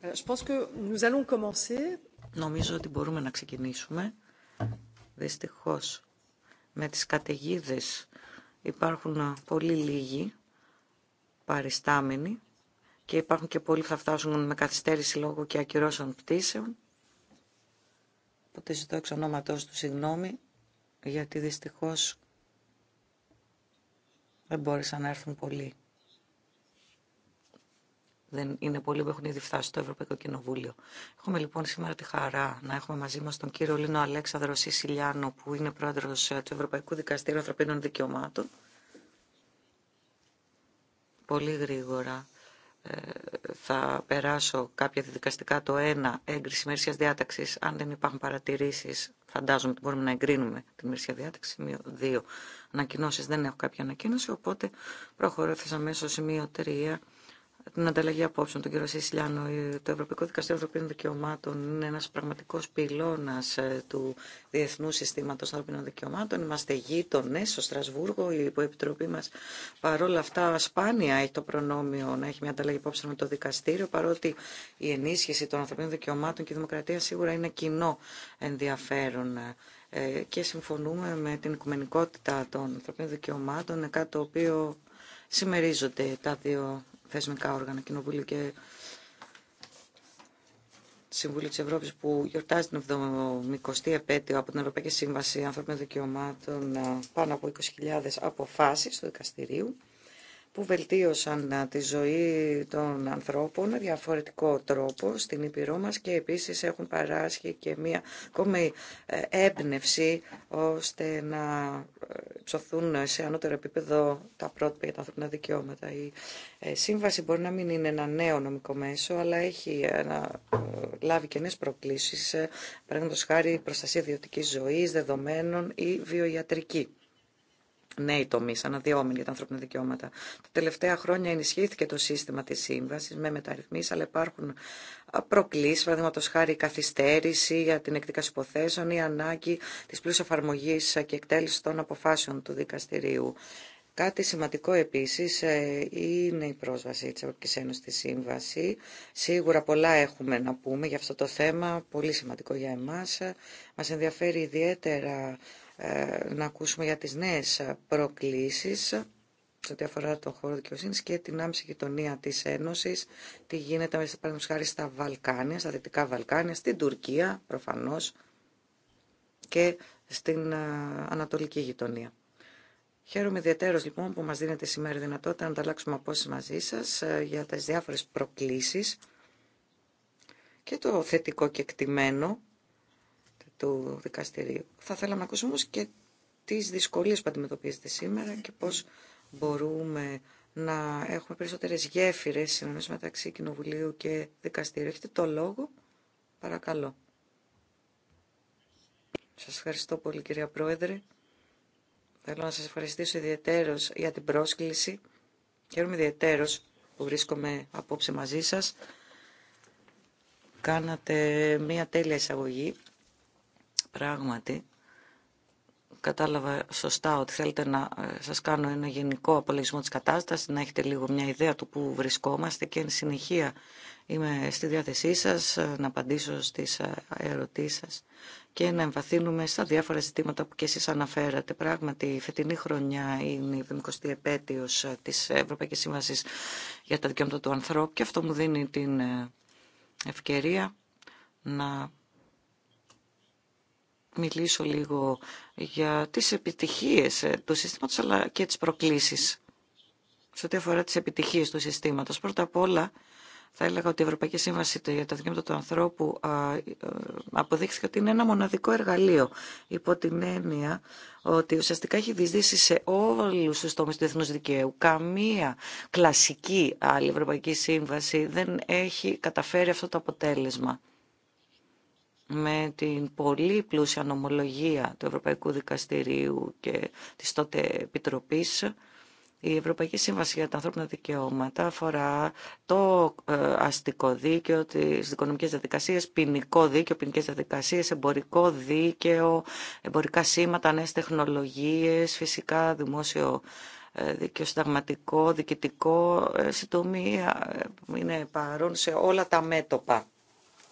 Euh, Νομίζω ότι μπορούμε να ξεκινήσουμε. Δυστυχώς, με τις καταιγίδε υπάρχουν ε, πολύ λίγοι παριστάμενοι και υπάρχουν και πολλοί που θα φτάσουν με καθυστέρηση λόγω και ακυρώσεων πτήσεων. Οπότε ζητώ εξ ονόματός του συγγνώμη, γιατί δυστυχώς δεν μπόρεσαν να έρθουν πολλοί. Δεν είναι πολλοί που έχουν ήδη φτάσει στο Ευρωπαϊκό Κοινοβούλιο. Έχουμε λοιπόν σήμερα τη χαρά να έχουμε μαζί μα τον κύριο Λίνο Αλέξανδρο Σισιλιάνο, που είναι πρόεδρο ε, του Ευρωπαϊκού Δικαστήριου Ανθρωπίνων Δικαιωμάτων. Πολύ γρήγορα ε, θα περάσω κάποια διδικαστικά το ένα έγκριση μερσία διάταξη. Αν δεν υπάρχουν παρατηρήσει. φαντάζομαι ότι μπορούμε να εγκρίνουμε τη μερσία διάταξη. Σημείο 2. ανακοινώσει. δεν έχω κάποια ανακοίνωση, οπότε προχωρώ αμέσω σημείο 3 την ανταλλαγή απόψεων, τον κύριο Σισιλιάνο. Το Ευρωπαϊκό Δικαστήριο Ανθρωπίνων Δικαιωμάτων είναι ένα πραγματικό πυλώνα ε, του Διεθνού Συστήματος Ανθρωπίνων Δικαιωμάτων. Είμαστε γείτονες στο Στρασβούργο. Η υποεπιτροπή μας παρόλα αυτά σπάνια έχει το προνόμιο να έχει μια ανταλλαγή απόψεων με το δικαστήριο, παρότι η ενίσχυση των ανθρωπίνων δικαιωμάτων και η δημοκρατία σίγουρα είναι κοινό ενδιαφέρον ε, και συμφωνούμε με την οικουμενικότητα των ανθρωπίνων δικαιωμάτων, ε, κάτι το οποίο συμμερίζονται τα δύο θεσμικά όργανα, Κοινοβούλιο και Συμβούλιο της Ευρώπης που γιορτάζει την 70η επέτειο από την Ευρωπαϊκή Σύμβαση Ανθρώπινων Δικαιωμάτων ε, πάνω από 20.000 αποφάσεις του δικαστηρίου που βελτίωσαν τη ζωή των ανθρώπων με διαφορετικό τρόπο στην Ήπειρό μας και επίσης έχουν παράσχει και μία ακόμη ε, έμπνευση ώστε να ε, ψωθούν σε ανώτερο επίπεδο τα πρότυπα για τα ανθρώπινα δικαιώματα. Η ε, σύμβαση μπορεί να μην είναι ένα νέο νομικό μέσο, αλλά έχει να λάβει και νέες προκλήσεις, παραδείγματος χάρη προστασία ιδιωτικής ζωής, δεδομένων ή βιοιατρική νέοι τομεί, αναδυόμενοι για τα ανθρώπινα δικαιώματα. Τα τελευταία χρόνια ενισχύθηκε το σύστημα τη σύμβαση με μεταρρυθμίσει, αλλά υπάρχουν προκλήσει, παραδείγματο χάρη η καθυστέρηση για την εκδίκαση υποθέσεων, η ανάγκη τη πλούσια εφαρμογή και εκτέλεση των αποφάσεων του δικαστηρίου. Κάτι σημαντικό επιση ε, είναι η πρόσβαση τη ευρωπαικη ενωση στη Σύμβαση. Σίγουρα πολλά έχουμε να πούμε για αυτό το θέμα, πολύ σημαντικό για εμά. Μα ενδιαφέρει ιδιαίτερα ε, να ακούσουμε για τις νέες προκλήσεις σε ό,τι αφορά τον χώρο δικαιοσύνη και την άμεση γειτονία τη Ένωση, τι γίνεται μέσα παραδείγματο χάρη στα Βαλκάνια, στα Δυτικά Βαλκάνια, στην Τουρκία προφανώ και στην ε, Ανατολική γειτονία. Χαίρομαι ιδιαίτερω λοιπόν που μα δίνετε σήμερα η δυνατότητα να ανταλλάξουμε απόψει μαζί σα ε, για τι διάφορε προκλήσει και το θετικό εκτιμένο του δικαστηρίου. Θα θέλαμε να ακούσουμε όμως και τις δυσκολίες που αντιμετωπίζετε σήμερα και πώς μπορούμε να έχουμε περισσότερες γέφυρες μεταξύ Κοινοβουλίου και Δικαστήριου. Έχετε το λόγο, παρακαλώ. Σας ευχαριστώ πολύ κυρία Πρόεδρε. Θέλω να σας ευχαριστήσω ιδιαίτερος για την πρόσκληση. Χαίρομαι ιδιαίτερος που βρίσκομαι απόψε μαζί σας. Κάνατε μία τέλεια εισαγωγή Πράγματι, κατάλαβα σωστά ότι θέλετε να ε, σας κάνω ένα γενικό απολογισμό της κατάστασης, να έχετε λίγο μια ιδέα του που βρισκόμαστε και εν συνεχεία είμαι στη διάθεσή σας ε, να απαντήσω στις ε, ερωτήσεις σας και να εμβαθύνουμε στα διάφορα ζητήματα που και εσείς αναφέρατε. Πράγματι, η φετινή χρονιά είναι η 50η επέτειος της Ευρωπαϊκής Σύμβασης για τα Δικαιώματα του Ανθρώπου και αυτό μου δίνει την ευκαιρία να μιλήσω λίγο για τις επιτυχίες ε, του συστήματος αλλά και τις προκλήσεις σε ό,τι αφορά τις επιτυχίες του συστήματος. Πρώτα απ' όλα θα έλεγα ότι η Ευρωπαϊκή Σύμβαση για τα Δικαιώματα του Ανθρώπου ε, αποδείχθηκε ότι είναι ένα μοναδικό εργαλείο υπό την έννοια ότι ουσιαστικά έχει διεισδύσει σε όλους τους τομεί του διεθνούς δικαίου. Καμία κλασική άλλη Ευρωπαϊκή Σύμβαση δεν έχει καταφέρει αυτό το αποτέλεσμα με την πολύ πλούσια νομολογία του Ευρωπαϊκού Δικαστηρίου και της τότε Επιτροπής, η Ευρωπαϊκή Σύμβαση για τα Ανθρώπινα Δικαιώματα αφορά το ε, αστικό δίκαιο, τις δικονομικές διαδικασίες, ποινικό δίκαιο, ποινικές διαδικασίες, εμπορικό δίκαιο, εμπορικά σήματα, νέες τεχνολογίες, φυσικά δημόσιο ε, δίκαιο συνταγματικό, διοικητικό, ε, συντομία, είναι παρόν σε όλα τα μέτωπα.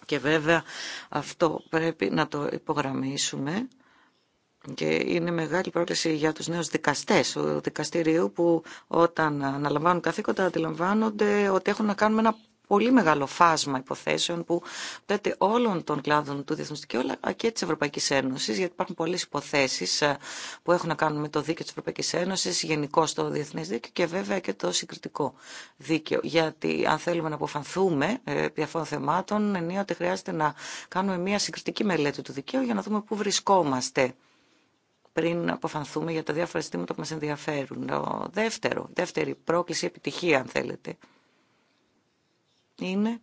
Και βέβαια αυτό πρέπει να το υπογραμμίσουμε και είναι μεγάλη πρόκληση για τους νέους δικαστές του δικαστηρίου που όταν αναλαμβάνουν καθήκοντα αντιλαμβάνονται ότι έχουν να κάνουν ένα πολύ μεγάλο φάσμα υποθέσεων που τότε όλων των κλάδων του διεθνούς δικαίου αλλά και της Ευρωπαϊκής Ένωσης, γιατί υπάρχουν πολλές υποθέσεις ε, που έχουν να κάνουν με το δίκαιο της Ευρωπαϊκής Ένωσης, γενικώ το διεθνές δίκαιο και βέβαια και το συγκριτικό δίκαιο. Γιατί αν θέλουμε να αποφανθούμε επί αυτών θεμάτων, ενίοτε χρειάζεται να κάνουμε μια συγκριτική μελέτη του δικαίου για να δούμε πού βρισκόμαστε πριν αποφανθούμε για τα διάφορα ζητήματα που μας ενδιαφέρουν. Ο δεύτερο, δεύτερη πρόκληση επιτυχία, αν θέλετε, είναι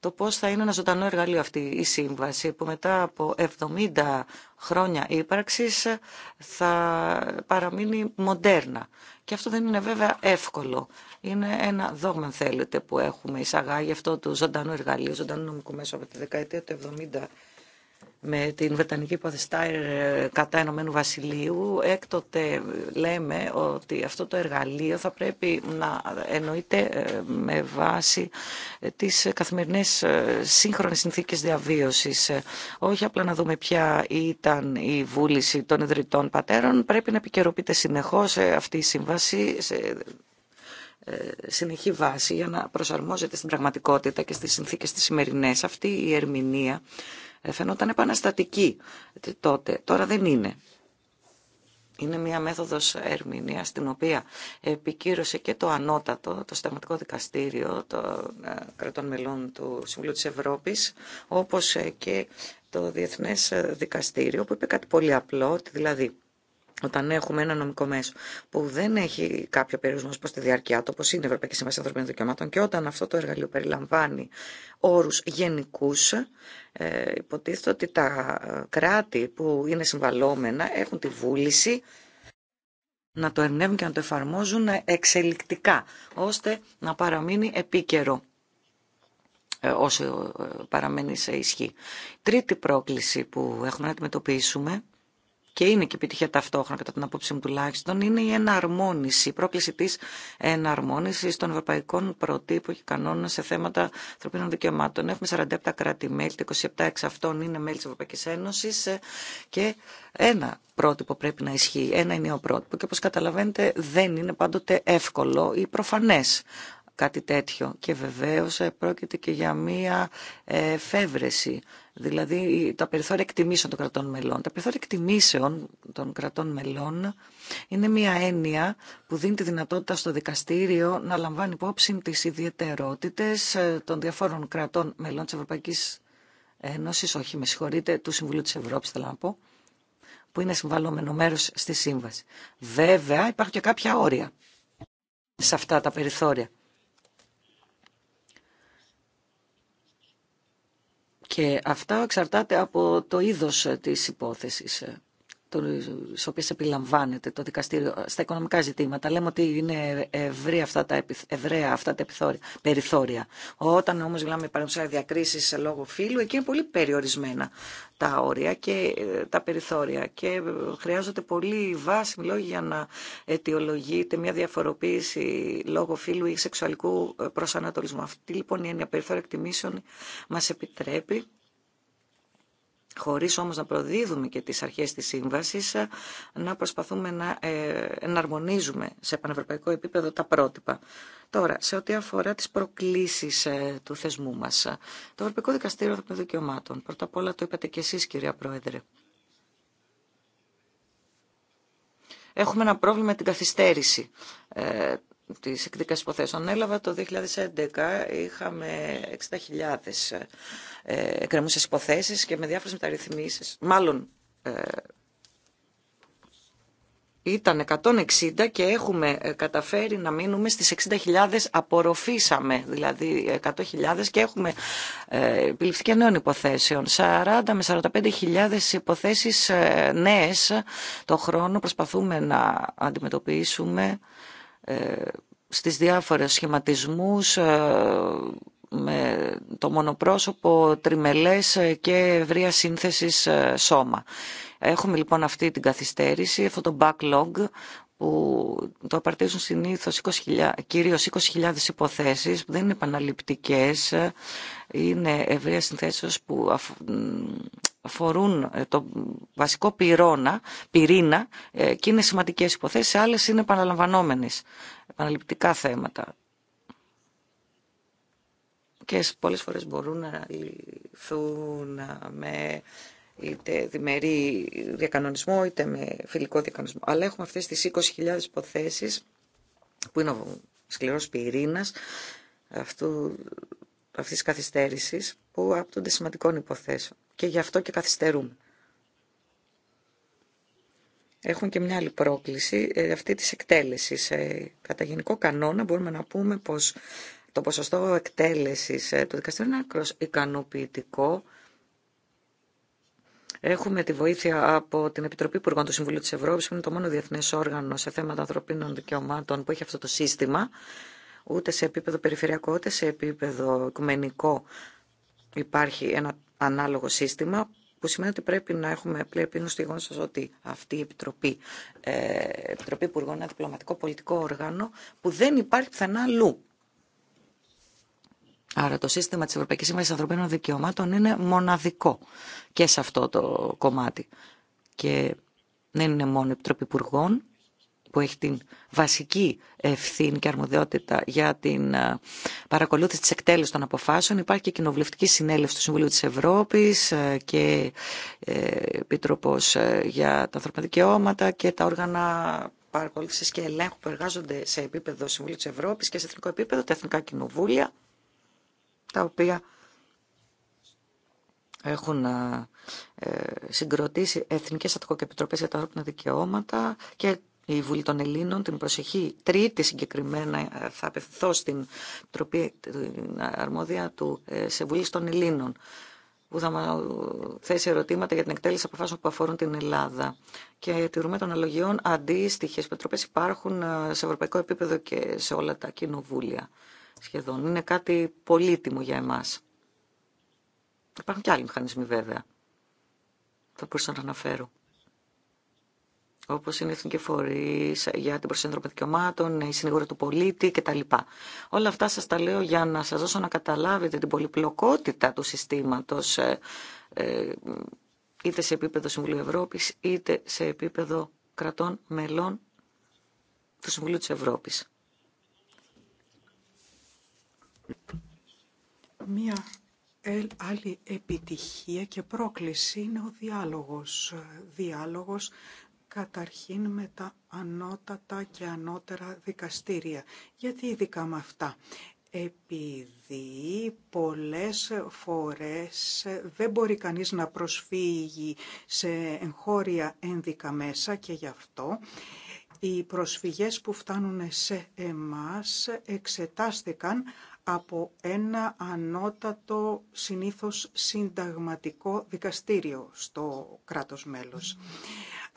το πώς θα είναι ένα ζωντανό εργαλείο αυτή η σύμβαση που μετά από 70 χρόνια ύπαρξης θα παραμείνει μοντέρνα. Και αυτό δεν είναι βέβαια εύκολο. Είναι ένα δόγμα, θέλετε, που έχουμε εισαγάγει αυτό του ζωντανού εργαλείου, ζωντανού νομικού μέσου από τη δεκαετία του 70 με την Βρετανική υπόθεση ε, κατά Ενωμένου Βασιλείου. Έκτοτε λέμε ότι αυτό το εργαλείο θα πρέπει να εννοείται ε, με βάση ε, τις καθημερινές σύγχρονες συνθήκες διαβίωσης. Όχι απλά να δούμε ποια ήταν η βούληση των ιδρυτών πατέρων. Πρέπει να επικαιροποιείται συνεχώς αυτή η σύμβαση ε, συνεχή βάση για να προσαρμόζεται στην πραγματικότητα και στις συνθήκες της σημερινές. Αυτή η ερμηνεία ε, φαινόταν επαναστατική τότε, τώρα δεν είναι. Είναι μια μέθοδος ερμηνεία στην οποία επικύρωσε και το ανώτατο, το Συνταγματικό Δικαστήριο των ε, κρατών μελών του Συμβουλίου της Ευρώπης, όπως και το Διεθνές Δικαστήριο, που είπε κάτι πολύ απλό, δηλαδή όταν έχουμε ένα νομικό μέσο που δεν έχει κάποιο περιορισμό προ τη διάρκεια του, όπω είναι η Ευρωπαϊκή Σύμβαση Ανθρωπίνων Δικαιωμάτων, και όταν αυτό το εργαλείο περιλαμβάνει όρου γενικού, ε, υποτίθεται ότι τα κράτη που είναι συμβαλόμενα έχουν τη βούληση να το ερνεύουν και να το εφαρμόζουν εξελικτικά, ώστε να παραμείνει επίκαιρο ε, όσο ε, παραμένει σε ισχύ. Τρίτη πρόκληση που έχουμε να αντιμετωπίσουμε και είναι και επιτυχία ταυτόχρονα κατά την απόψη μου τουλάχιστον, είναι η εναρμόνιση, η πρόκληση της εναρμόνισης των ευρωπαϊκών προτύπων και κανόνων σε θέματα ανθρωπίνων δικαιωμάτων. Έχουμε 47 κράτη-μέλη, 27 εξ αυτών είναι μέλη της Ευρωπαϊκής Ένωσης και ένα πρότυπο πρέπει να ισχύει, ένα ενιαίο πρότυπο και όπως καταλαβαίνετε δεν είναι πάντοτε εύκολο ή προφανές κάτι τέτοιο. Και βεβαίως ε, πρόκειται και για μία εφεύρεση δηλαδή τα περιθώρια εκτιμήσεων των κρατών μελών. Τα περιθώρια εκτιμήσεων των κρατών μελών είναι μια έννοια που δίνει τη δυνατότητα στο δικαστήριο να λαμβάνει υπόψη τις ιδιαιτερότητες ε, των διαφόρων κρατών μελών τη Ευρωπαϊκής Ένωση, όχι με συγχωρείτε, του Συμβουλίου της Ευρώπης θέλω να πω, που είναι συμβαλλόμενο μέρο στη σύμβαση. Βέβαια υπάρχουν και κάποια όρια σε αυτά τα περιθώρια. Και αυτά εξαρτάται από το είδος της υπόθεσης τις οποίες επιλαμβάνεται το δικαστήριο στα οικονομικά ζητήματα. Λέμε ότι είναι ευρύ αυτά τα, ευραία αυτά τα περιθώρια. Όταν όμως μιλάμε παραδείγματος διακρίσεις σε λόγο φύλου, εκεί είναι πολύ περιορισμένα τα όρια και ε, τα περιθώρια και ε, χρειάζονται πολύ βάσιμοι λόγοι για να αιτιολογείται μια διαφοροποίηση λόγω φύλου ή σεξουαλικού ε, προσανατολισμού. Αυτή λοιπόν η έννοια περιθώρια εκτιμήσεων μας επιτρέπει χωρίς όμως να προδίδουμε και τις αρχές της σύμβασης, ε, να προσπαθούμε να ε, εναρμονίζουμε σε πανευρωπαϊκό επίπεδο τα πρότυπα. Τώρα, σε ό,τι αφορά τις προκλήσεις ε, του θεσμού μας, το Ευρωπαϊκό Δικαστήριο των Δικαιωμάτων, πρώτα απ' όλα το είπατε και εσείς κυρία Πρόεδρε, Έχουμε ένα πρόβλημα με την καθυστέρηση τις εκδίκασης υποθέσεων έλαβα το 2011 είχαμε 60.000 ε, εκκρεμούσες υποθέσεις και με διάφορες μεταρρυθμίσεις, μάλλον ε, ήταν 160 και έχουμε ε, καταφέρει να μείνουμε στις 60.000 απορροφήσαμε, δηλαδή 100.000 και έχουμε επιληφθεί και νέων υποθέσεων. 40 με 45.000 υποθέσεις νέες το χρόνο προσπαθούμε να αντιμετωπίσουμε ε, στις διάφορες σχηματισμούς ε, με το μονοπρόσωπο τριμελές και ευρεία σύνθεσης ε, σώμα. Έχουμε λοιπόν αυτή την καθυστέρηση, αυτό το backlog που το απαρτίζουν συνήθως 20.000, κυρίως 20.000 υποθέσεις που δεν είναι επαναληπτικές, είναι ευρεία συνθέσεως που αφορούν ε, το βασικό πυρώνα, πυρήνα ε, και είναι σημαντικές υποθέσεις, άλλες είναι επαναλαμβανόμενες, επαναληπτικά θέματα. Και πολλές φορές μπορούν να λυθούν με είτε διμερή διακανονισμό, είτε με φιλικό διακανονισμό. Αλλά έχουμε αυτές τις 20.000 υποθέσεις που είναι ο σκληρός πυρήνας αυτού αυτή τη καθυστέρηση που άπτονται σημαντικών υποθέσεων και γι' αυτό και καθυστερούμε. Έχουν και μια άλλη πρόκληση ε, αυτή της εκτέλεσης. Ε, κατά γενικό κανόνα μπορούμε να πούμε πω το ποσοστό εκτέλεσης ε, του δικαστήριου είναι ακρό ικανοποιητικό. Έχουμε τη βοήθεια από την Επιτροπή Υπουργών του Συμβουλίου τη Ευρώπη. που είναι το μόνο διεθνέ όργανο σε θέματα ανθρωπίνων δικαιωμάτων που έχει αυτό το σύστημα ούτε σε επίπεδο περιφερειακό, ούτε σε επίπεδο οικουμενικό υπάρχει ένα ανάλογο σύστημα που σημαίνει ότι πρέπει να έχουμε πλέον στη ότι αυτή η Επιτροπή, ε, Επιτροπή Υπουργών είναι ένα διπλωματικό πολιτικό όργανο που δεν υπάρχει πιθανά αλλού. Άρα το σύστημα της Ευρωπαϊκής Σύμβαση Ανθρωπίνων Δικαιωμάτων είναι μοναδικό και σε αυτό το κομμάτι. Και δεν είναι μόνο η Επιτροπή Υπουργών, που έχει την βασική ευθύνη και αρμοδιότητα για την ε, παρακολούθηση της εκτέλεσης των αποφάσεων. Υπάρχει και κοινοβουλευτική συνέλευση του Συμβουλίου της Ευρώπης ε, και ε, Επίτροπος για τα ανθρώπινα δικαιώματα και τα όργανα παρακολούθησης και ελέγχου που εργάζονται σε επίπεδο Συμβουλίου της Ευρώπης και σε εθνικό επίπεδο τα εθνικά κοινοβούλια τα οποία έχουν συγκροτήσει εθνικές ατοικοκεπιτροπές για τα ανθρώπινα δικαιώματα και η Βουλή των Ελλήνων. Την προσεχή τρίτη συγκεκριμένα ε, θα απευθυνθώ στην τροπή αρμόδια του ε, σε Βουλή των Ελλήνων που θα ε, θέσει ερωτήματα για την εκτέλεση αποφάσεων που αφορούν την Ελλάδα. Και τηρούμε των αλογιών αντίστοιχε επιτροπέ υπάρχουν σε ευρωπαϊκό επίπεδο και σε όλα τα κοινοβούλια σχεδόν. Είναι κάτι πολύτιμο για εμά. Υπάρχουν και άλλοι μηχανισμοί βέβαια. Θα μπορούσα να αναφέρω όπως είναι η εθνικοί για την προσέγγιση των η συνήγορη του πολίτη κτλ. Όλα αυτά σας τα λέω για να σας δώσω να καταλάβετε την πολυπλοκότητα του συστήματος ε, ε, είτε σε επίπεδο Συμβουλίου Ευρώπης είτε σε επίπεδο κρατών μελών του Συμβουλίου της Ευρώπης. Μία άλλη επιτυχία και πρόκληση είναι ο διάλογος. Διάλογος καταρχήν με τα ανώτατα και ανώτερα δικαστήρια. Γιατί ειδικά με αυτά. Επειδή πολλές φορές δεν μπορεί κανείς να προσφύγει σε εγχώρια ένδικα μέσα και γι' αυτό οι προσφυγές που φτάνουν σε εμάς εξετάστηκαν από ένα ανώτατο συνήθως συνταγματικό δικαστήριο στο κράτος μέλος.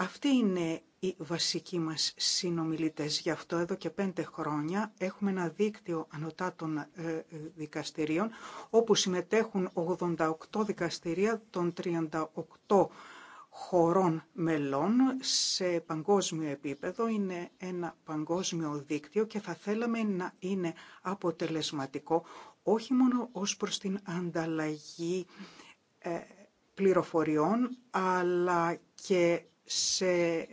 Αυτοί είναι οι βασικοί μας συνομιλητές. Γι' αυτό εδώ και πέντε χρόνια έχουμε ένα δίκτυο ανωτάτων ε, ε, δικαστηρίων όπου συμμετέχουν 88 δικαστηρία των 38 χωρών μελών σε παγκόσμιο επίπεδο. Είναι ένα παγκόσμιο δίκτυο και θα θέλαμε να είναι αποτελεσματικό όχι μόνο ως προς την ανταλλαγή ε, πληροφοριών αλλά και σε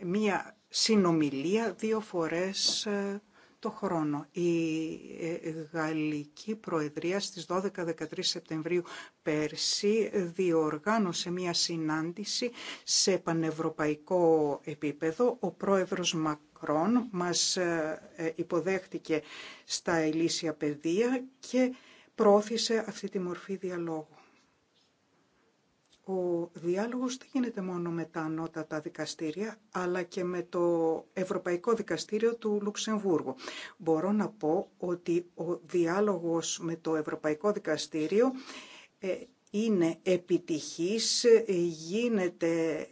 μία συνομιλία δύο φορές ε, το χρόνο. Η ε, Γαλλική Προεδρία στις 12-13 Σεπτεμβρίου πέρσι διοργάνωσε μία συνάντηση σε πανευρωπαϊκό επίπεδο. Ο πρόεδρος Μακρόν μας ε, υποδέχτηκε στα Ελίσια Παιδεία και προώθησε αυτή τη μορφή διαλόγου. Ο διάλογος δεν γίνεται μόνο με τα ανώτατα δικαστήρια, αλλά και με το Ευρωπαϊκό Δικαστήριο του Λουξεμβούργου. Μπορώ να πω ότι ο διάλογος με το Ευρωπαϊκό Δικαστήριο ε, είναι επιτυχής, ε, γίνεται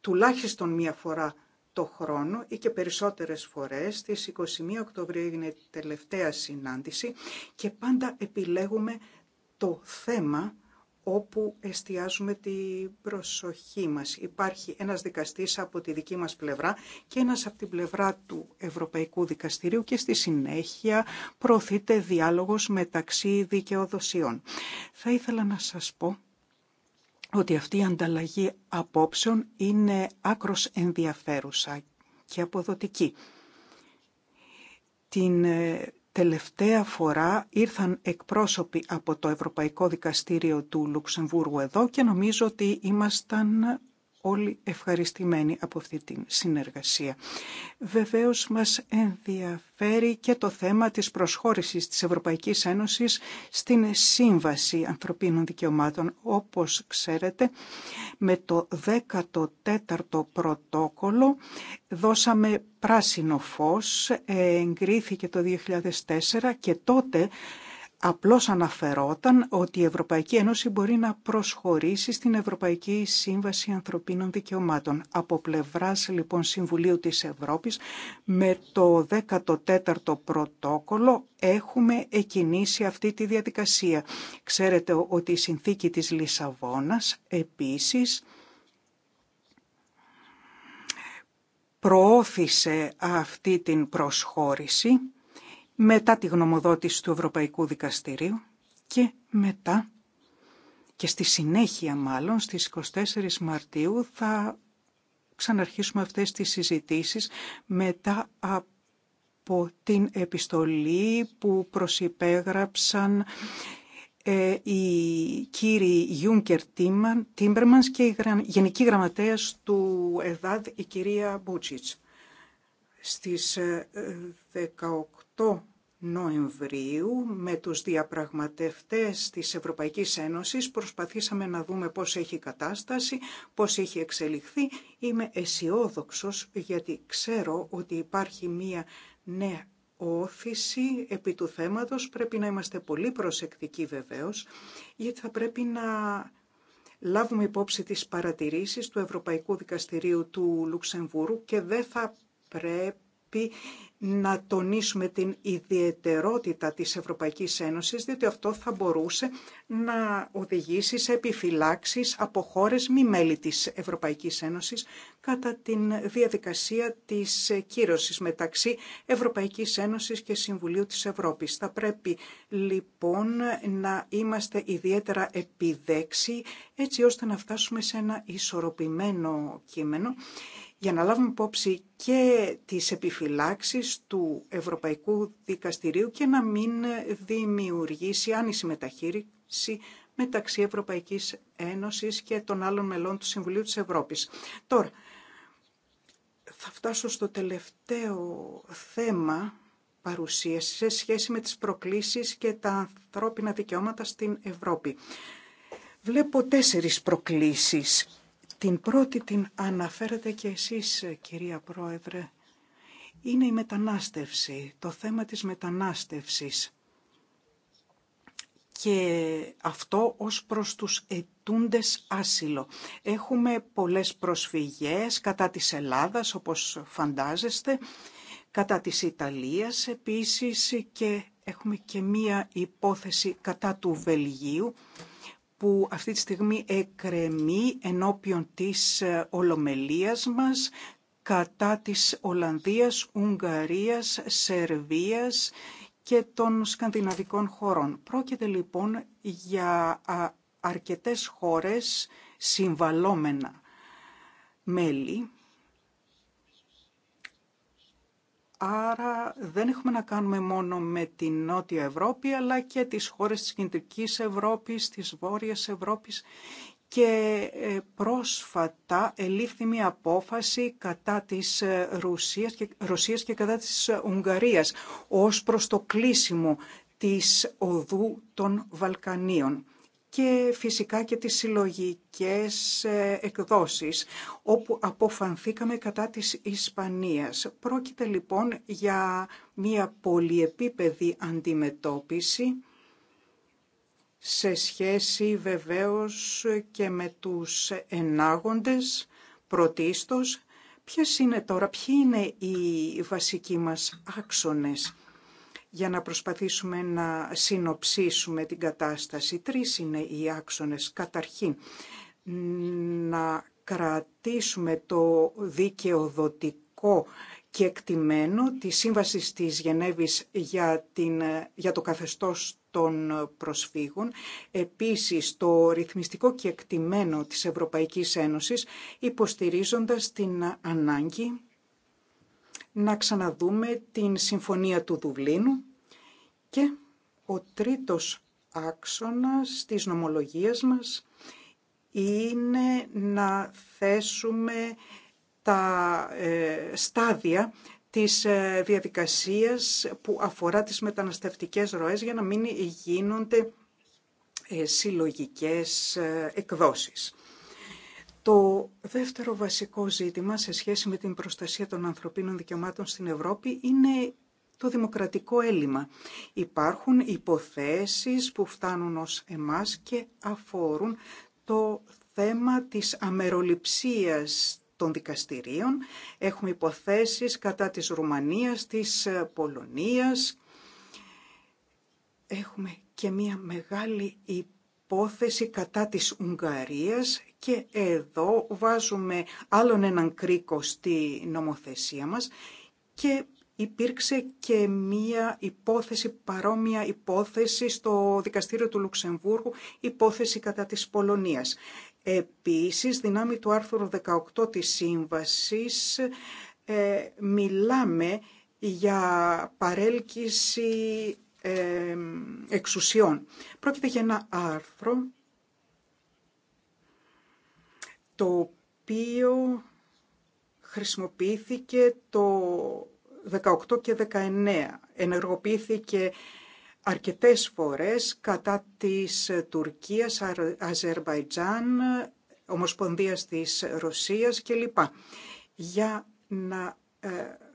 τουλάχιστον μία φορά το χρόνο ή και περισσότερες φορές. Στις 21 Οκτωβρίου έγινε η τελευταία συνάντηση και πάντα επιλέγουμε το θέμα όπου εστιάζουμε την προσοχή μας. Υπάρχει ένας δικαστής από τη δική μας πλευρά και ένας από την πλευρά του Ευρωπαϊκού Δικαστηρίου και στη συνέχεια προωθείται διάλογος μεταξύ δικαιοδοσιών. Θα ήθελα να σας πω ότι αυτή η ανταλλαγή απόψεων είναι άκρος ενδιαφέρουσα και αποδοτική. Την ε, Τελευταία φορά ήρθαν εκπρόσωποι από το Ευρωπαϊκό Δικαστήριο του Λουξεμβούργου εδώ και νομίζω ότι ήμασταν όλοι ευχαριστημένοι από αυτή την συνεργασία. Βεβαίως μας ενδιαφέρει και το θέμα της προσχώρησης της Ευρωπαϊκής Ένωσης στην Σύμβαση Ανθρωπίνων Δικαιωμάτων. Όπως ξέρετε, με το 14ο πρωτόκολλο δώσαμε πράσινο φως, εγκρίθηκε το 2004 και τότε Απλώς αναφερόταν ότι η Ευρωπαϊκή Ένωση μπορεί να προσχωρήσει στην Ευρωπαϊκή Σύμβαση Ανθρωπίνων Δικαιωμάτων. Από πλευράς λοιπόν Συμβουλίου της Ευρώπης με το 14ο πρωτόκολλο έχουμε εκινήσει αυτή τη διαδικασία. Ξέρετε ότι η συνθήκη της Λισαβόνας επίσης προώθησε αυτή την προσχώρηση μετά τη γνωμοδότηση του Ευρωπαϊκού Δικαστηρίου και μετά και στη συνέχεια μάλλον στις 24 Μαρτίου θα ξαναρχίσουμε αυτές τις συζητήσεις μετά από την επιστολή που προσυπέγραψαν ε, οι κύριοι Γιούνκερ Τίμπερμανς και η Γενική Γραμματέας του ΕΔΑΔ, η κυρία Μπούτσιτς. Στις 18 ε, 8 Νοεμβρίου με τους διαπραγματευτές της Ευρωπαϊκής Ένωσης προσπαθήσαμε να δούμε πώς έχει κατάσταση, πώς έχει εξελιχθεί. Είμαι αισιόδοξο γιατί ξέρω ότι υπάρχει μία νέα όθηση επί του θέματος. Πρέπει να είμαστε πολύ προσεκτικοί βεβαίως, γιατί θα πρέπει να λάβουμε υπόψη τις παρατηρήσεις του Ευρωπαϊκού Δικαστηρίου του Λουξεμβούρου και δεν θα πρέπει να τονίσουμε την ιδιαιτερότητα της Ευρωπαϊκής Ένωσης, διότι αυτό θα μπορούσε να οδηγήσει σε επιφυλάξεις από χώρες μη μέλη της Ευρωπαϊκής Ένωσης κατά την διαδικασία της κύρωσης μεταξύ Ευρωπαϊκής Ένωσης και Συμβουλίου της Ευρώπης. Θα πρέπει λοιπόν να είμαστε ιδιαίτερα επιδέξιοι, έτσι ώστε να φτάσουμε σε ένα ισορροπημένο κείμενο για να λάβουμε υπόψη και τις επιφυλάξεις του Ευρωπαϊκού Δικαστηρίου και να μην δημιουργήσει άνηση μεταχείριση μεταξύ Ευρωπαϊκής Ένωσης και των άλλων μελών του Συμβουλίου της Ευρώπης. Τώρα, θα φτάσω στο τελευταίο θέμα παρουσίαση σε σχέση με τις προκλήσεις και τα ανθρώπινα δικαιώματα στην Ευρώπη. Βλέπω τέσσερις προκλήσεις την πρώτη την αναφέρατε και εσείς, κυρία Πρόεδρε. Είναι η μετανάστευση, το θέμα της μετανάστευσης. Και αυτό ως προς τους ετούντες άσυλο. Έχουμε πολλές προσφυγές κατά της Ελλάδας, όπως φαντάζεστε, κατά της Ιταλίας επίσης και έχουμε και μία υπόθεση κατά του Βελγίου που αυτή τη στιγμή εκρεμεί ενώπιον της ε, Ολομελίας μας κατά της Ολλανδίας, Ουγγαρίας, Σερβίας και των σκανδιναβικών χωρών. Πρόκειται λοιπόν για αρκετές χώρες συμβαλόμενα μέλη Άρα δεν έχουμε να κάνουμε μόνο με την Νότια Ευρώπη, αλλά και τις χώρες της Κεντρικής Ευρώπης, της Βόρειας Ευρώπης και ε, πρόσφατα ελήφθη μια απόφαση κατά της ε, Ρωσίας και, Ρωσίας και κατά της ε, Ουγγαρίας ως προς το κλείσιμο της οδού των Βαλκανίων και φυσικά και τις συλλογικές ε, εκδόσεις όπου αποφανθήκαμε κατά της Ισπανίας. Πρόκειται λοιπόν για μια πολυεπίπεδη αντιμετώπιση σε σχέση βεβαίως και με τους ενάγοντες πρωτίστως. Ποιες είναι τώρα, ποιοι είναι οι βασικοί μας άξονες για να προσπαθήσουμε να συνοψίσουμε την κατάσταση. Τρεις είναι οι άξονες. Καταρχήν, να κρατήσουμε το δικαιοδοτικό και εκτιμένο τη σύμβαση της Γενέβης για, για το καθεστώς των προσφύγων. Επίσης, το ρυθμιστικό και εκτιμένο της Ευρωπαϊκής Ένωσης υποστηρίζοντας την ανάγκη να ξαναδούμε την Συμφωνία του Δουβλίνου και ο τρίτος άξονας της νομολογίας μας είναι να θέσουμε τα ε, στάδια της ε, διαδικασίας που αφορά τις μεταναστευτικές ροές για να μην γίνονται ε, συλλογικές εκδόσεις. Το δεύτερο βασικό ζήτημα σε σχέση με την προστασία των ανθρωπίνων δικαιωμάτων στην Ευρώπη είναι το δημοκρατικό έλλειμμα. Υπάρχουν υποθέσεις που φτάνουν ως εμάς και αφορούν το θέμα της αμεροληψίας των δικαστηρίων. Έχουμε υποθέσεις κατά της Ρουμανίας, της ε, Πολωνίας. Έχουμε και μια μεγάλη υπόθεση κατά της Ουγγαρίας και εδώ βάζουμε άλλον έναν κρίκο στη νομοθεσία μας και υπήρξε και μία υπόθεση, παρόμοια υπόθεση στο Δικαστήριο του Λουξεμβούργου, υπόθεση κατά της Πολωνίας. Επίσης, δυνάμει του άρθρου 18 της Σύμβασης, ε, μιλάμε για παρέλκυση ε, εξουσιών. Πρόκειται για ένα άρθρο το οποίο χρησιμοποιήθηκε το 18 και 19. Ενεργοποιήθηκε αρκετές φορές κατά της Τουρκίας, Αζερβαϊτζάν, Ομοσπονδίας της Ρωσίας κλπ. Για να ε,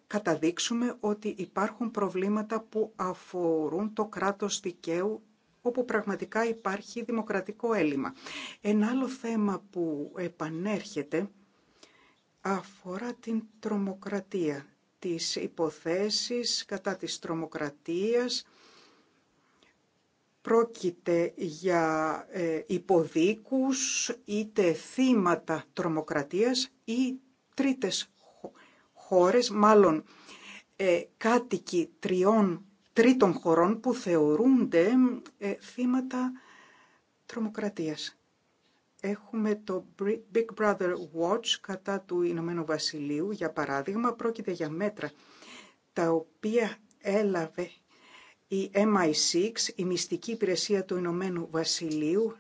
καταδείξουμε ότι υπάρχουν προβλήματα που αφορούν το κράτος δικαίου όπου πραγματικά υπάρχει δημοκρατικό έλλειμμα. Ένα άλλο θέμα που επανέρχεται αφορά την τρομοκρατία, τις υποθέσεις κατά της τρομοκρατίας. Πρόκειται για ε, υποδίκους, είτε θύματα τρομοκρατίας ή τρίτες χώρες, μάλλον ε, κάτοικοι τριών τρίτων χωρών που θεωρούνται ε, θύματα τρομοκρατίας. Έχουμε το Big Brother Watch κατά του Ηνωμένου Βασιλείου, για παράδειγμα, πρόκειται για μέτρα τα οποία έλαβε η MI6, η μυστική υπηρεσία του Ηνωμένου Βασιλείου,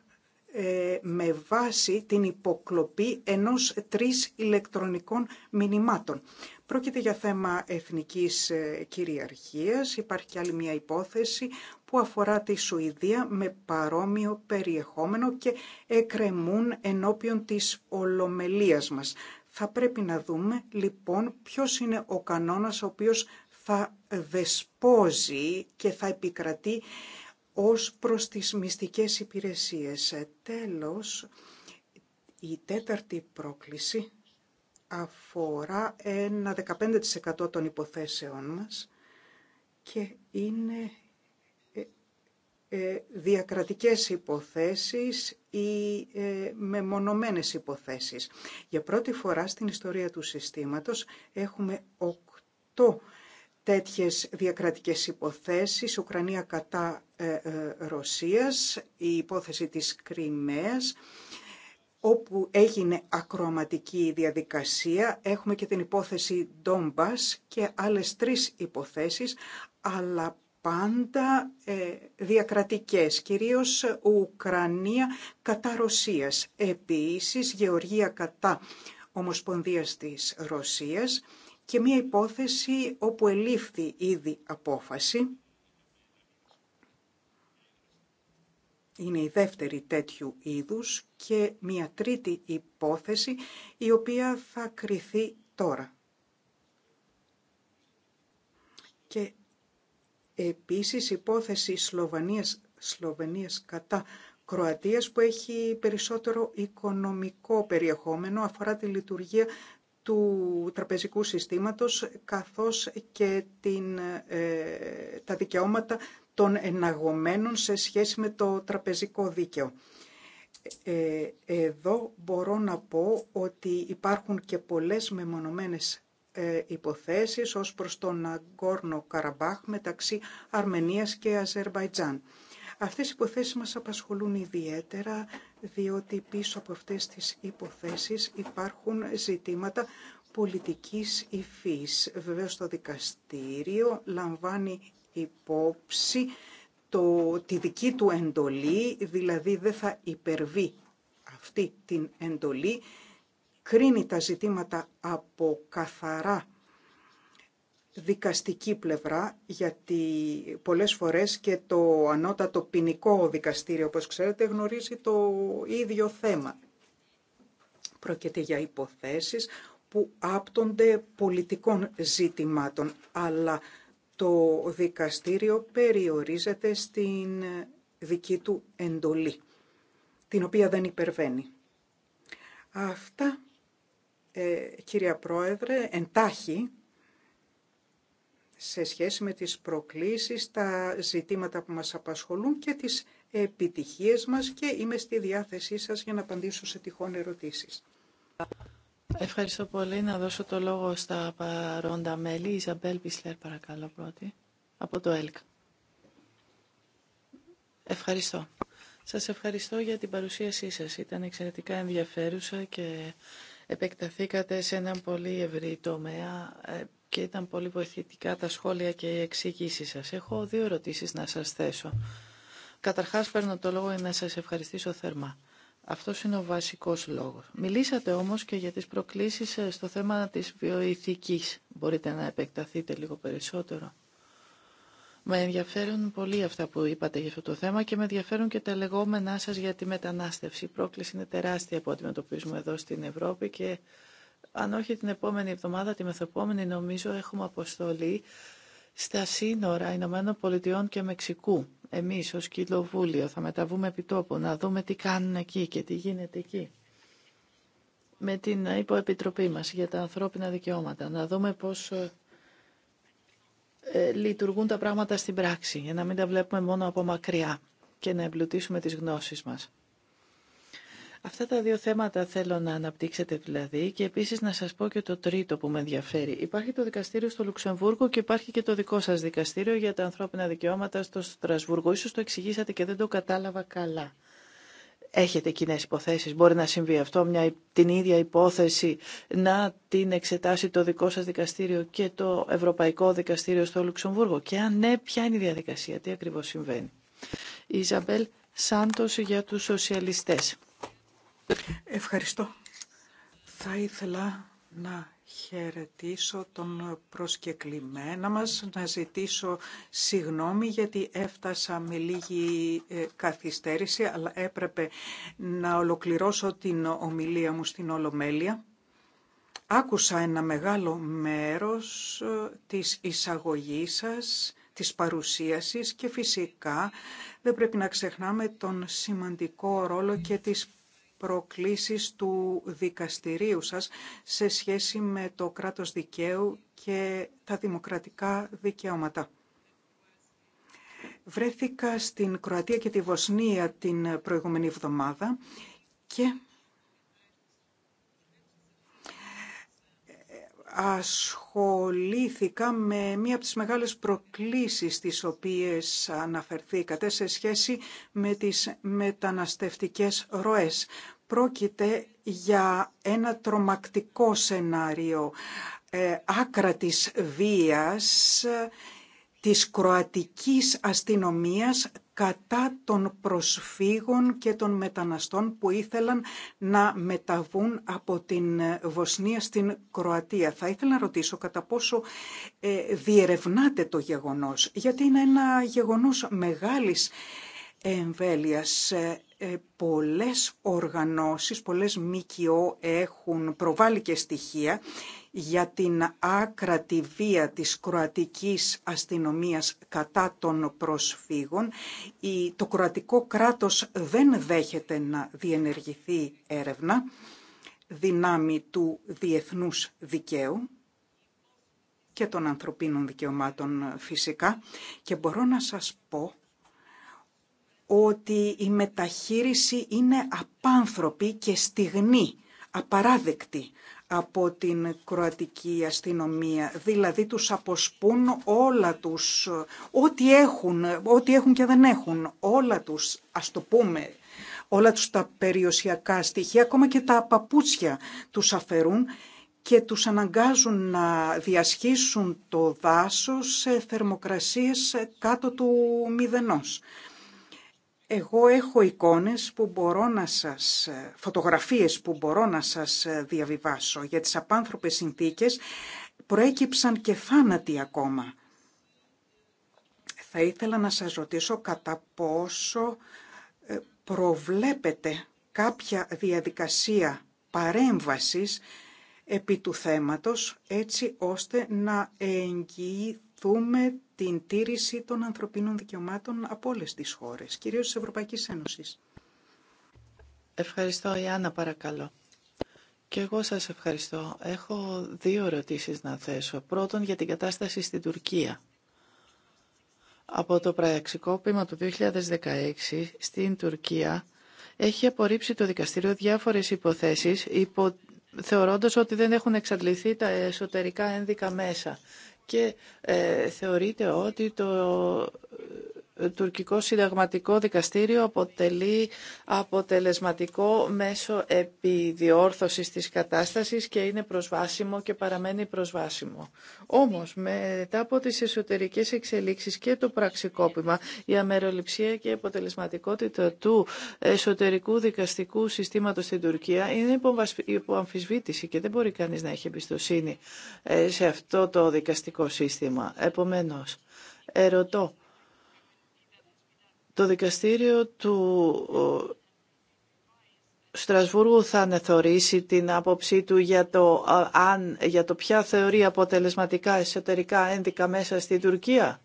ε, με βάση την υποκλοπή ενός τρεις ηλεκτρονικών μηνυμάτων Πρόκειται για θέμα εθνικής ε, κυριαρχίας. Υπάρχει και άλλη μια υπόθεση που αφορά τη Σουηδία με παρόμοιο περιεχόμενο και εκρεμούν ενώπιον της ολομελίας μας. Θα πρέπει να δούμε λοιπόν ποιος είναι ο κανόνας ο οποίος θα δεσπόζει και θα επικρατεί ως προς τις μυστικές υπηρεσίες. Ε, τέλος, η τέταρτη πρόκληση αφορά ένα 15% των υποθέσεων μας και είναι ε, ε, διακρατικές υποθέσεις ή ε, μεμονωμένες υποθέσεις. Για πρώτη φορά στην ιστορία του συστήματος έχουμε οκτώ τέτοιες διακρατικές υποθέσεις, Ουκρανία κατά Ρωσίας, η υπόθεση της Κρυμαίας, όπου έγινε ακροαματική διαδικασία. Έχουμε και την υπόθεση Ντόμπας και άλλες τρεις υποθέσεις, αλλά πάντα ε, διακρατικές, κυρίως Ουκρανία κατά Ρωσίας. Επίσης, Γεωργία κατά Ομοσπονδίας της Ρωσίας και μία υπόθεση όπου ελήφθη ήδη απόφαση είναι η δεύτερη τέτοιου είδους και μια τρίτη υπόθεση η οποία θα κριθεί τώρα. Και επίσης υπόθεση Σλοβανίας, Σλοβενίας κατά Κροατίας που έχει περισσότερο οικονομικό περιεχόμενο αφορά τη λειτουργία του τραπεζικού συστήματος καθώς και την, ε, τα δικαιώματα των εναγωμένων σε σχέση με το τραπεζικό δίκαιο. Ε, εδώ μπορώ να πω ότι υπάρχουν και πολλές μεμονωμένες ε, υποθέσεις ως προς τον Αγκόρνο Καραμπάχ μεταξύ Αρμενίας και Αζερβαϊτζάν. Αυτές οι υποθέσεις μας απασχολούν ιδιαίτερα διότι πίσω από αυτές τις υποθέσεις υπάρχουν ζητήματα πολιτικής υφής. Βεβαίως το δικαστήριο λαμβάνει υπόψη το, τη δική του εντολή, δηλαδή δεν θα υπερβεί αυτή την εντολή, κρίνει τα ζητήματα από καθαρά δικαστική πλευρά, γιατί πολλές φορές και το ανώτατο ποινικό δικαστήριο, όπως ξέρετε, γνωρίζει το ίδιο θέμα. Πρόκειται για υποθέσεις που άπτονται πολιτικών ζητημάτων, αλλά το δικαστήριο περιορίζεται στην δική του εντολή, την οποία δεν υπερβαίνει. Αυτά, ε, κυρία Πρόεδρε, εντάχει σε σχέση με τις προκλήσεις, τα ζητήματα που μας απασχολούν και τις επιτυχίες μας και είμαι στη διάθεσή σας για να απαντήσω σε τυχόν ερωτήσεις. Ευχαριστώ πολύ. Να δώσω το λόγο στα παρόντα μέλη. Ιζαμπέλ Πισλέρ, παρακαλώ, πρώτη, από το ΕΛΚ. Ευχαριστώ. Σας ευχαριστώ για την παρουσίασή σας. Ήταν εξαιρετικά ενδιαφέρουσα και επεκταθήκατε σε έναν πολύ ευρύ τομέα ε, και ήταν πολύ βοηθητικά τα σχόλια και οι εξήγησή σας. Έχω δύο ερωτήσεις να σας θέσω. Καταρχάς παίρνω το λόγο να σας ευχαριστήσω θερμά αυτό είναι ο βασικός λόγος. Μιλήσατε όμως και για τις προκλήσεις ε, στο θέμα της βιοηθικής. Μπορείτε να επεκταθείτε λίγο περισσότερο. Με ενδιαφέρουν πολύ αυτά που είπατε για αυτό το θέμα και με ενδιαφέρουν και τα λεγόμενά σας για τη μετανάστευση. Η πρόκληση είναι τεράστια που αντιμετωπίζουμε εδώ στην Ευρώπη και αν όχι την επόμενη εβδομάδα, τη μεθεπόμενη νομίζω έχουμε αποστολή στα σύνορα Ηνωμένων Πολιτειών και Μεξικού. Εμείς ως Κοινοβούλιο θα μεταβούμε τόπου να δούμε τι κάνουν εκεί και τι γίνεται εκεί με την υποεπιτροπή μας για τα ανθρώπινα δικαιώματα, να δούμε πώς ε, ε, λειτουργούν τα πράγματα στην πράξη, για να μην τα βλέπουμε μόνο από μακριά και να εμπλουτίσουμε τις γνώσεις μας. Αυτά τα δύο θέματα θέλω να αναπτύξετε δηλαδή και επίσης να σας πω και το τρίτο που με ενδιαφέρει. Υπάρχει το δικαστήριο στο Λουξεμβούργο και υπάρχει και το δικό σας δικαστήριο για τα ανθρώπινα δικαιώματα στο Στρασβούργο. Ίσως το εξηγήσατε και δεν το κατάλαβα καλά. Έχετε κοινέ υποθέσεις, μπορεί να συμβεί αυτό, μια, την ίδια υπόθεση να την εξετάσει το δικό σας δικαστήριο και το Ευρωπαϊκό Δικαστήριο στο Λουξεμβούργο. Και αν ναι, ποια είναι η διαδικασία, τι ακριβώς συμβαίνει. Η Ιζαμπέλ Σάντο για τους σοσιαλιστές. Ευχαριστώ. Θα ήθελα να χαιρετήσω τον προσκεκλημένα μας, να ζητήσω συγνώμη γιατί έφτασα με λίγη ε, καθυστέρηση, αλλά έπρεπε να ολοκληρώσω την ομιλία μου στην Ολομέλεια. Άκουσα ένα μεγάλο μέρος ε, της εισαγωγής σας, της παρουσίασης και φυσικά δεν πρέπει να ξεχνάμε τον σημαντικό ρόλο και της προκλήσεις του δικαστηρίου σας σε σχέση με το κράτος δικαίου και τα δημοκρατικά δικαιώματα. Βρέθηκα στην Κροατία και τη Βοσνία την προηγούμενη εβδομάδα και ασχολήθηκα με μία από τις μεγάλες προκλήσεις τις οποίες αναφερθήκατε σε σχέση με τις μεταναστευτικές ροές. Πρόκειται για ένα τρομακτικό σενάριο ε, άκρα της βίας της κροατικής αστυνομίας κατά των προσφύγων και των μεταναστών που ήθελαν να μεταβούν από την ε, Βοσνία στην Κροατία. Θα ήθελα να ρωτήσω κατά πόσο ε, διερευνάτε το γεγονός, γιατί είναι ένα γεγονός μεγάλης εμβέλειας. Ε, ε πολλές οργανώσεις, πολλές ΜΚΟ έχουν προβάλλει και στοιχεία για την άκρατη βία της κροατικής αστυνομίας κατά των προσφύγων. Το κροατικό κράτος δεν δέχεται να διενεργηθεί έρευνα δυνάμει του διεθνούς δικαίου και των ανθρωπίνων δικαιωμάτων φυσικά και μπορώ να σας πω ότι η μεταχείριση είναι απάνθρωπη και στιγνή, απαράδεκτη από την κροατική αστυνομία. Δηλαδή τους αποσπούν όλα τους, ό,τι έχουν, ό,τι έχουν και δεν έχουν, όλα τους, ας το πούμε, όλα τους τα περιοσιακά στοιχεία, ακόμα και τα παπούτσια τους αφαιρούν και τους αναγκάζουν να διασχίσουν το δάσος σε θερμοκρασίες κάτω του μηδενός. Εγώ έχω εικόνες που μπορώ να σας, φωτογραφίες που μπορώ να σας διαβιβάσω για τις απάνθρωπες συνθήκες προέκυψαν και θάνατοι ακόμα. Θα ήθελα να σας ρωτήσω κατά πόσο ε, προβλέπετε κάποια διαδικασία παρέμβασης επί του θέματος έτσι ώστε να εγγυηθεί θούμε την τήρηση των ανθρωπίνων δικαιωμάτων από όλες τις χώρες, κυρίως της Ευρωπαϊκής Ένωσης. Ευχαριστώ, Ιάννα, παρακαλώ. Και εγώ σας ευχαριστώ. Έχω δύο ερωτήσεις να θέσω. Πρώτον, για την κατάσταση στην Τουρκία. Από το πήμα του 2016 στην Τουρκία έχει απορρίψει το δικαστήριο διάφορες υποθέσεις υπό θεωρώντας ότι δεν έχουν εξαντληθεί τα εσωτερικά ένδικα μέσα και ε, θεωρείται ότι το τουρκικό συνταγματικό δικαστήριο αποτελεί αποτελεσματικό μέσο επιδιόρθωσης της κατάστασης και είναι προσβάσιμο και παραμένει προσβάσιμο. Όμως, μετά από τις εσωτερικές εξελίξεις και το πραξικόπημα, η αμεροληψία και η αποτελεσματικότητα του εσωτερικού δικαστικού συστήματος στην Τουρκία είναι υπό αμφισβήτηση και δεν μπορεί κανείς να έχει εμπιστοσύνη ε, σε αυτό το δικαστικό σύστημα. Επομένως, ερωτώ, το δικαστήριο του Στρασβούργου θα αναθεωρήσει την άποψή του για το, αν, για το ποια θεωρεί αποτελεσματικά εσωτερικά ένδικα μέσα στη Τουρκία.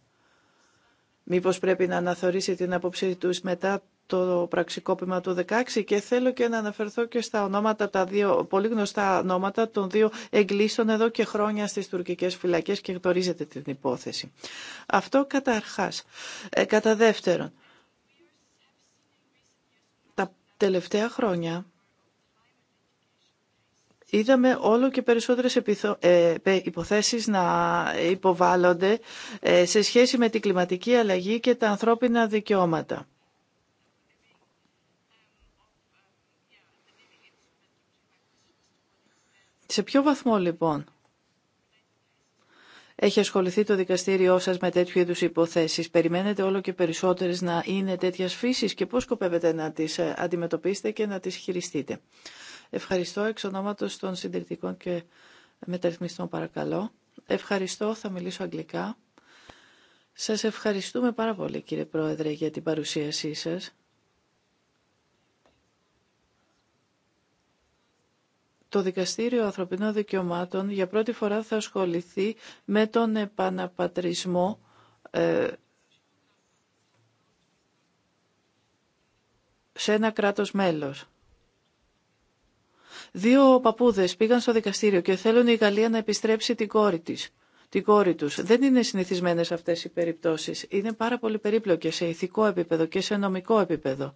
Μήπως πρέπει να αναθεωρήσει την άποψή του μετά το πραξικόπημα του 16 και θέλω και να αναφερθώ και στα ονόματα, τα δύο πολύ γνωστά ονόματα των δύο εγκλήσεων εδώ και χρόνια στις τουρκικές φυλακές και γνωρίζετε την υπόθεση. Αυτό καταρχάς. Ε, κατά δεύτερον, τελευταία χρόνια είδαμε όλο και περισσότερες ε, υποθέσεις να υποβάλλονται ε, σε σχέση με την κλιματική αλλαγή και τα ανθρώπινα δικαιώματα. Σε ποιο βαθμό λοιπόν έχει ασχοληθεί το δικαστήριό σας με τέτοιου είδους υποθέσεις. Περιμένετε όλο και περισσότερες να είναι τέτοιας φύσης και πώς σκοπεύετε να τις ε, αντιμετωπίσετε και να τις χειριστείτε. Ευχαριστώ εξ ονόματος των συντηρητικών και μεταρρυθμιστών παρακαλώ. Ευχαριστώ, θα μιλήσω αγγλικά. Σας ευχαριστούμε πάρα πολύ κύριε Πρόεδρε για την παρουσίασή σας. Το Δικαστήριο Ανθρωπινών Δικαιωμάτων για πρώτη φορά θα ασχοληθεί με τον επαναπατρισμό ε, σε ένα κράτος μέλος. Δύο παππούδες πήγαν στο δικαστήριο και θέλουν η Γαλλία να επιστρέψει την κόρη της την κόρη Δεν είναι συνηθισμένες αυτές οι περιπτώσεις. Είναι πάρα πολύ περίπλοκες σε ηθικό επίπεδο και σε νομικό επίπεδο.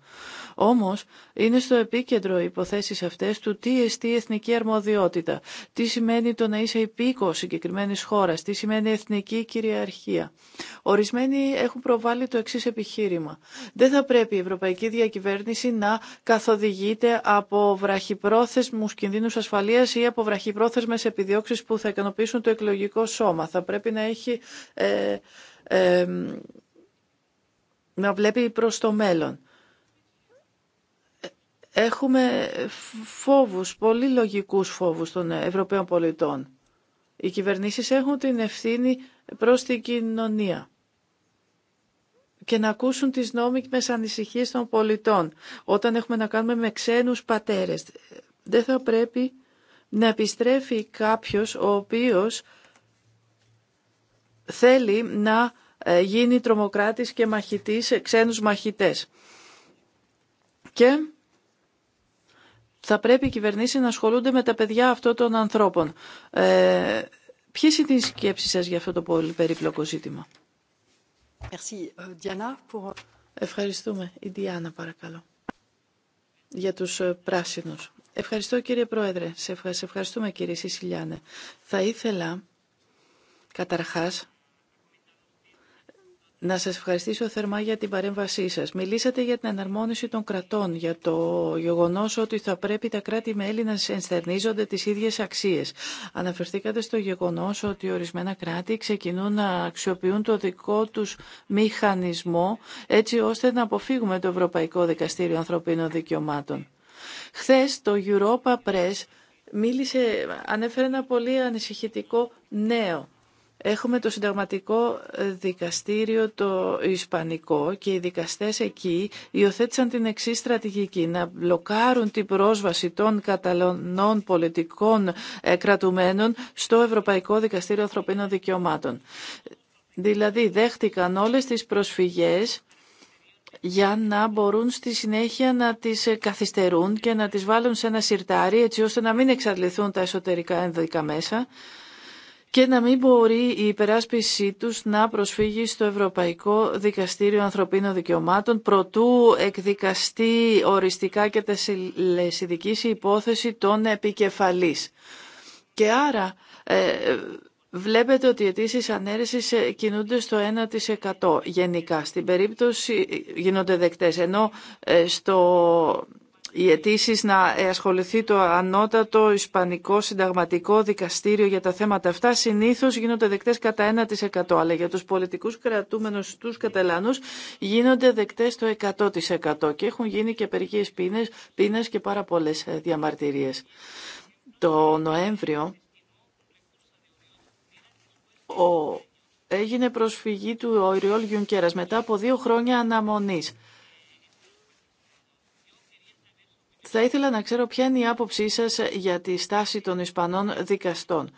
Όμως είναι στο επίκεντρο οι υποθέσεις αυτές του τι εστί εθνική αρμοδιότητα, τι σημαίνει το να είσαι υπήκο συγκεκριμένη χώρα, τι σημαίνει εθνική κυριαρχία. Ορισμένοι έχουν προβάλει το εξή επιχείρημα. Δεν θα πρέπει η ευρωπαϊκή διακυβέρνηση να καθοδηγείται από βραχυπρόθεσμους κινδύνους ασφαλείας ή από βραχυπρόθεσμες επιδιώξει που θα ικανοποιήσουν το εκλογικό σώμα. Θα πρέπει να έχει ε, ε, να βλέπει προς το μέλλον. Έχουμε φόβους, πολύ λογικούς φόβους των Ευρωπαίων πολιτών. Οι κυβερνήσεις έχουν την ευθύνη προς την κοινωνία και να ακούσουν τις νόμικες ανησυχίες των πολιτών όταν έχουμε να κάνουμε με ξένους πατέρες. Δεν θα πρέπει να επιστρέφει κάποιος ο οποίος θέλει να ε, γίνει τρομοκράτης και μαχητής, ε, ξένους μαχητές. Και θα πρέπει οι κυβερνήσεις να ασχολούνται με τα παιδιά αυτών των ανθρώπων. Ε, ποιες είναι οι σκέψεις σας για αυτό το πολύ περίπλοκο ζήτημα. Ε, ευχαριστούμε. Η Διάννα παρακαλώ. Για τους πράσινους. Ευχαριστώ κύριε Πρόεδρε. Σε ευχαριστούμε κύριε Σισιλιάνε. Θα ήθελα καταρχάς να σας ευχαριστήσω θερμά για την παρέμβασή σας. Μιλήσατε για την εναρμόνιση των κρατών, για το γεγονός ότι θα πρέπει τα κράτη-μέλη να ενστερνίζονται τις ίδιες αξίες. Αναφερθήκατε στο γεγονός ότι ορισμένα κράτη ξεκινούν να αξιοποιούν το δικό τους μηχανισμό, έτσι ώστε να αποφύγουμε το Ευρωπαϊκό Δικαστήριο Ανθρωπίνων Δικαιωμάτων. Χθες το Europa Press μίλησε, ανέφερε ένα πολύ ανησυχητικό νέο Έχουμε το συνταγματικό δικαστήριο το Ισπανικό και οι δικαστές εκεί υιοθέτησαν την εξή στρατηγική να μπλοκάρουν την πρόσβαση των καταλωνών πολιτικών ε, κρατουμένων στο Ευρωπαϊκό Δικαστήριο Ανθρωπίνων Δικαιωμάτων. Δηλαδή δέχτηκαν όλες τις προσφυγές για να μπορούν στη συνέχεια να τις ε, καθυστερούν και να τις βάλουν σε ένα σιρτάρι έτσι ώστε να μην εξαντληθούν τα εσωτερικά ενδοϊκά μέσα και να μην μπορεί η υπεράσπιση τους να προσφύγει στο Ευρωπαϊκό Δικαστήριο Ανθρωπίνων Δικαιωμάτων προτού εκδικαστεί οριστικά και τεσσελεσιδικής η υπόθεση των επικεφαλής. Και άρα ε, βλέπετε ότι οι αιτήσει ανέρεσης ε, κινούνται στο 1% γενικά. Στην περίπτωση ε, γίνονται δεκτές, ενώ στο οι αιτήσει να ασχοληθεί το ανώτατο Ισπανικό Συνταγματικό Δικαστήριο για τα θέματα αυτά συνήθως γίνονται δεκτές κατά 1% αλλά για τους πολιτικούς κρατούμενους τους Καταλανούς γίνονται δεκτές το 100% και έχουν γίνει και απεργίες πίνες, και πάρα πολλές ε, διαμαρτυρίες. Το Νοέμβριο ο, έγινε προσφυγή του Οριόλ Γιουνκέρας μετά από δύο χρόνια αναμονής. Θα ήθελα να ξέρω ποια είναι η άποψή σας για τη στάση των Ισπανών δικαστών.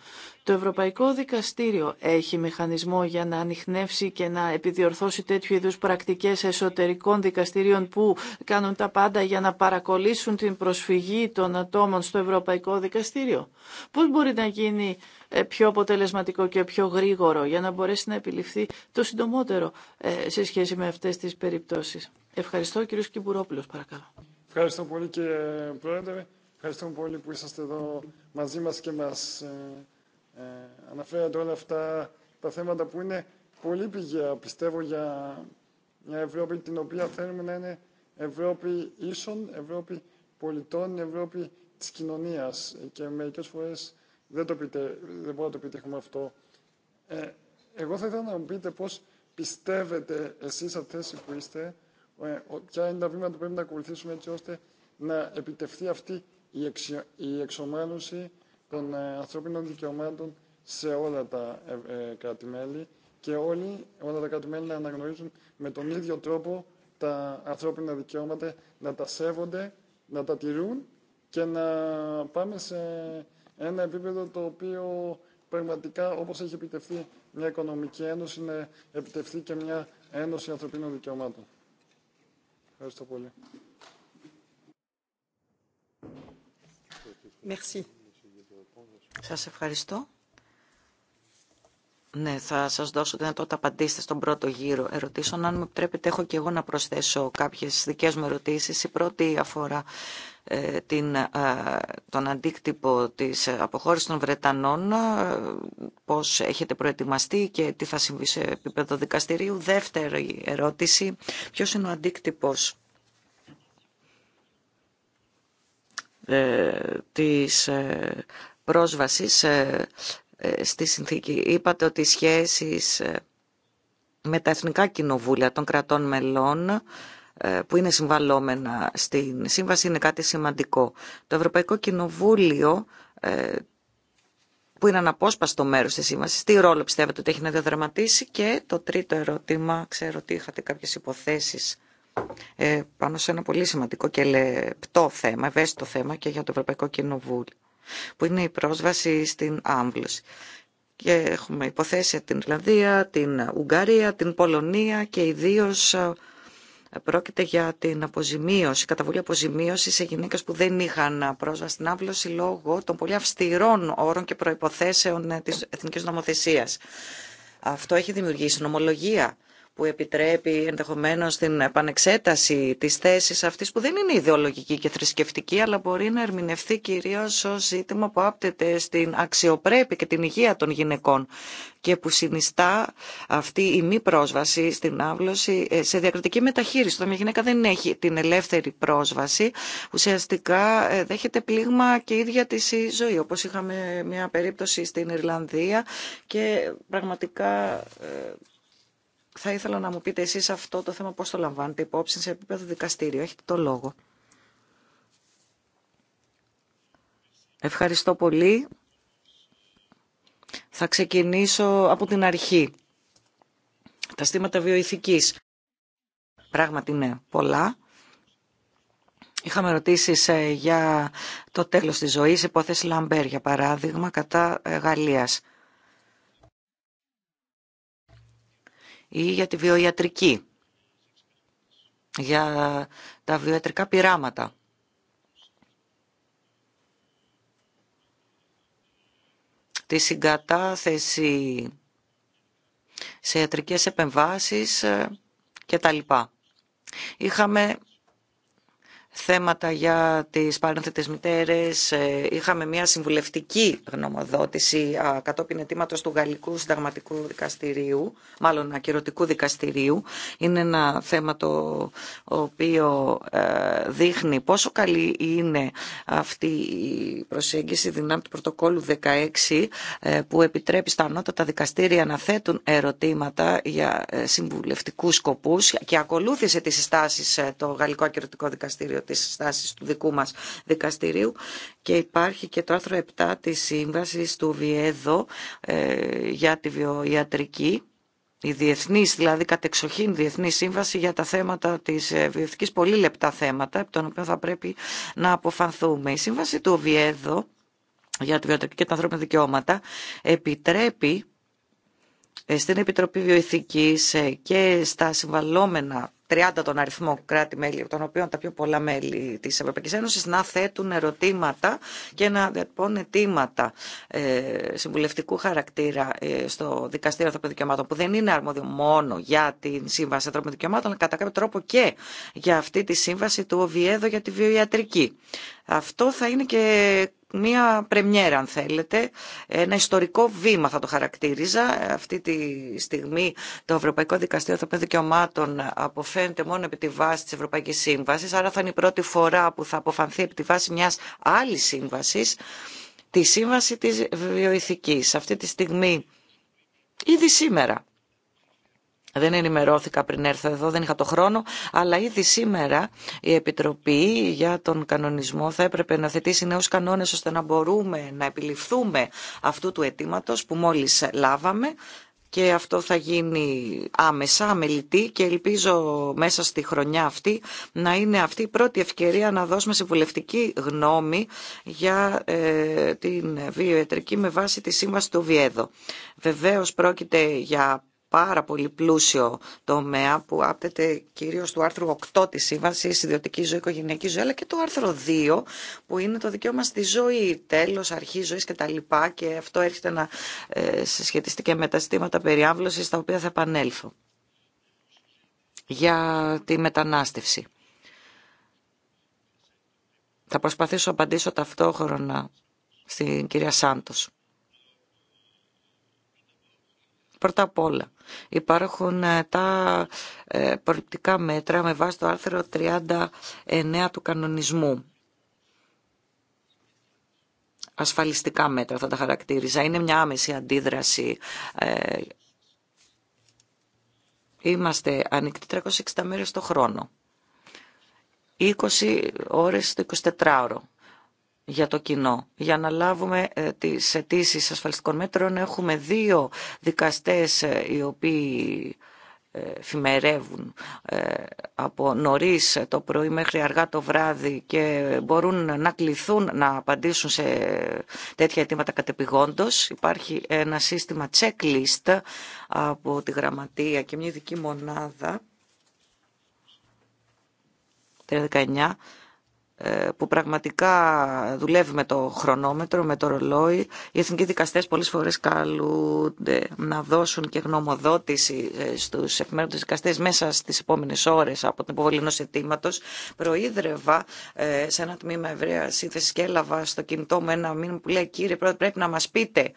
Το Ευρωπαϊκό Δικαστήριο έχει μηχανισμό για να ανοιχνεύσει και να επιδιορθώσει τέτοιου είδους πρακτικές εσωτερικών δικαστηρίων που κάνουν τα πάντα για να παρακολύσουν την προσφυγή των ατόμων στο Ευρωπαϊκό Δικαστήριο. Πώς μπορεί να γίνει ε, πιο αποτελεσματικό και πιο γρήγορο για να μπορέσει να επιληφθεί το συντομότερο ε, σε σχέση με αυτές τις περιπτώσεις. Ευχαριστώ κύριος Κυμπουρόπουλος παρακαλώ. Ευχαριστώ πολύ κύριε Πρόεδρε. Ευχαριστούμε πολύ που είσαστε εδώ μαζί μας και μας ε, ε, αναφέρατε όλα αυτά τα θέματα που είναι πολύ πηγαία, πιστεύω, για μια Ευρώπη την οποία θέλουμε να είναι Ευρώπη ίσων, Ευρώπη πολιτών, Ευρώπη της κοινωνίας. Και μερικές φορές δεν, το πείτε, δεν μπορούμε να το επιτύχουμε αυτό. Ε, εγώ θα ήθελα να μου πείτε πώς πιστεύετε εσείς από που είστε ε, ποια είναι τα βήματα που πρέπει να ακολουθήσουμε έτσι ώστε να επιτευχθεί αυτή η εξομάλωση των ε, ανθρώπινων δικαιωμάτων σε όλα τα ε, κράτη-μέλη και όλοι, όλα τα κράτη-μέλη να αναγνωρίζουν με τον ίδιο τρόπο τα ανθρώπινα δικαιώματα, να τα σέβονται, να τα τηρούν και να πάμε σε ένα επίπεδο το οποίο πραγματικά όπως έχει επιτευχθεί μια οικονομική ένωση να επιτευχθεί και μια ένωση ανθρωπίνων δικαιωμάτων. Ευχαριστώ πολύ. Merci. Σας ευχαριστώ. Ναι, θα σα δώσω δυνατότητα απαντήστε στον πρώτο γύρο ερωτήσεων. Αν μου επιτρέπετε, έχω και εγώ να προσθέσω κάποιε δικέ μου ερωτήσει. Η πρώτη αφορά ε, την, ε, τον αντίκτυπο της αποχώρησης των Βρετανών, ε, πώς έχετε προετοιμαστεί και τι θα συμβεί σε επίπεδο δικαστηρίου. Δεύτερη ερώτηση, ποιος είναι ο αντίκτυπος της πρόσβασης στη συνθήκη. Είπατε ότι οι σχέσεις με τα εθνικά κοινοβούλια των κρατών μελών ε, που είναι συμβαλόμενα στην σύμβαση είναι κάτι σημαντικό. Το Ευρωπαϊκό Κοινοβούλιο ε, που είναι αναπόσπαστο μέρος της σύμβασης, τι ρόλο πιστεύετε ότι έχει να διαδραματίσει και το τρίτο ερώτημα, ξέρω ότι είχατε κάποιες υποθέσεις ε, πάνω σε ένα πολύ σημαντικό και λεπτό θέμα, ευαίσθητο θέμα και για το Ευρωπαϊκό Κοινοβούλιο, που είναι η πρόσβαση στην άμβλωση. Και έχουμε υποθέσει την Ιρλανδία, την Ουγγαρία, την Πολωνία και ιδίως Πρόκειται για την αποζημίωση, καταβολή αποζημίωση σε γυναίκε που δεν είχαν πρόσβαση στην άβλωση λόγω των πολύ αυστηρών όρων και προποθέσεων τη εθνική νομοθεσία. Αυτό έχει δημιουργήσει νομολογία που επιτρέπει ενδεχομένως την επανεξέταση της θέσης αυτής που δεν είναι ιδεολογική και θρησκευτική αλλά μπορεί να ερμηνευθεί κυρίως ως ζήτημα που άπτεται στην αξιοπρέπεια και την υγεία των γυναικών και που συνιστά αυτή η μη πρόσβαση στην άβλωση ε, σε διακριτική μεταχείριση. Όταν μια γυναίκα δεν έχει την ελεύθερη πρόσβαση, ουσιαστικά ε, δέχεται πλήγμα και ίδια της η ζωή, όπως είχαμε μια περίπτωση στην Ιρλανδία και πραγματικά ε, θα ήθελα να μου πείτε εσείς αυτό το θέμα πώς το λαμβάνετε υπόψη σε επίπεδο δικαστήριο. Έχετε το λόγο. Ευχαριστώ πολύ. Θα ξεκινήσω από την αρχή. Τα στήματα βιοηθικής. Πράγματι είναι πολλά. Είχαμε ερωτήσει ε, για το τέλος της ζωής, υπόθεση Λαμπέρ για παράδειγμα, κατά ε, Γαλλίας. ή για τη βιοιατρική, για τα βιοιατρικά πειράματα. Τη συγκατάθεση σε ιατρικές επεμβάσεις ε, και τα λοιπά. Είχαμε θέματα για τις παρένθετες μητέρες. Ε, είχαμε μια συμβουλευτική γνωμοδότηση κατόπιν αιτήματος του Γαλλικού Συνταγματικού Δικαστηρίου, μάλλον ακυρωτικού δικαστηρίου. Είναι ένα θέμα το οποίο ε, δείχνει πόσο καλή είναι αυτή η προσέγγιση δυνάμει του πρωτοκόλου 16 ε, που επιτρέπει στα ανώτατα δικαστήρια να θέτουν ερωτήματα για συμβουλευτικούς σκοπούς και ακολούθησε τις συστάσεις το Γαλλικό Ακυρωτικό Δικαστήριο πλαίσιο της στάσης του δικού μας δικαστηρίου και υπάρχει και το άρθρο 7 της Σύμβασης του Βιέδο ε, για τη βιοιατρική η διεθνή, δηλαδή κατεξοχήν διεθνή σύμβαση για τα θέματα τη ε, βιοθική, πολύ λεπτά θέματα, από τον οποίο θα πρέπει να αποφανθούμε. Η σύμβαση του Οβιέδο για τη βιοτρική και τα ανθρώπινα δικαιώματα επιτρέπει ε, στην Επιτροπή Βιοηθικής και στα συμβαλόμενα 30 τον αριθμό κράτη-μέλη, των οποίων τα πιο πολλά μέλη της Ευρωπαϊκής Ένωσης, να θέτουν ερωτήματα και να διατυπώνουν αιτήματα ε, συμβουλευτικού χαρακτήρα ε, στο Δικαστήριο Ανθρωπίνων Δικαιωμάτων, που δεν είναι αρμόδιο μόνο για τη Σύμβαση Ανθρωπίνων Δικαιωμάτων, αλλά κατά κάποιο τρόπο και για αυτή τη σύμβαση του Οβιέδο για τη βιοιατρική. Αυτό θα είναι και μία πρεμιέρα αν θέλετε, ένα ιστορικό βήμα θα το χαρακτήριζα. Αυτή τη στιγμή το Ευρωπαϊκό Δικαστήριο Ανθρωπίνων Δικαιωμάτων αποφαίνεται μόνο επί τη βάση της Ευρωπαϊκής Σύμβασης, άρα θα είναι η πρώτη φορά που θα αποφανθεί επί τη βάση μιας άλλης σύμβασης, τη σύμβαση της βιοηθικής. Αυτή τη στιγμή, ήδη σήμερα, δεν ενημερώθηκα πριν έρθω εδώ, δεν είχα το χρόνο, αλλά ήδη σήμερα η Επιτροπή για τον κανονισμό θα έπρεπε να θετήσει νέους κανόνες ώστε να μπορούμε να επιληφθούμε αυτού του αιτήματο που μόλις λάβαμε και αυτό θα γίνει άμεσα, αμελητή και ελπίζω μέσα στη χρονιά αυτή να είναι αυτή η πρώτη ευκαιρία να δώσουμε συμβουλευτική γνώμη για ε, την βιοετρική με βάση τη σύμβαση του Βιέδο. Βεβαίως πρόκειται για πάρα πολύ πλούσιο τομέα που άπτεται κυρίως του άρθρου 8 της Σύμβασης, ιδιωτική ζωή, οικογενειακή ζωή, αλλά και του άρθρου 2 που είναι το δικαίωμα στη ζωή, τέλος, αρχή ζωής κτλ. Και αυτό έρχεται να ε, συσχετιστεί και με τα ζητήματα περιάμβλωσης, τα οποία θα επανέλθω. Για τη μετανάστευση. Θα προσπαθήσω να απαντήσω ταυτόχρονα στην κυρία Σάντος. Πρώτα απ' όλα υπάρχουν ε, τα ε, προληπτικά μέτρα με βάση το άρθρο 39 του κανονισμού. Ασφαλιστικά μέτρα θα τα χαρακτήριζα. Είναι μια άμεση αντίδραση ε, Είμαστε ανοιχτοί 360 μέρες το χρόνο. 20 ώρες το 24ωρο για το κοινό. Για να λάβουμε ε, τις αιτήσει ασφαλιστικών μέτρων έχουμε δύο δικαστές ε, οι οποίοι ε, φημερεύουν από νωρίς το πρωί μέχρι αργά το βράδυ και μπορούν να κληθούν να απαντήσουν σε τέτοια αιτήματα κατεπηγόντως. Υπάρχει ένα σύστημα checklist από τη γραμματεία και μια ειδική μονάδα ε, που πραγματικά δουλεύει με το χρονόμετρο, με το ρολόι. Οι εθνικοί δικαστές πολλές φορές καλούνται να δώσουν και γνωμοδότηση ε, στους εφημερίδες δικαστές μέσα στις επόμενες ώρες από την υποβολή ενός αιτήματος. Προείδρευα ε, σε ένα τμήμα ευρεία σύνθεση και έλαβα στο κινητό μου ένα μήνυμα που λέει «Κύριε Πρόεδρε, πρέπει να μας πείτε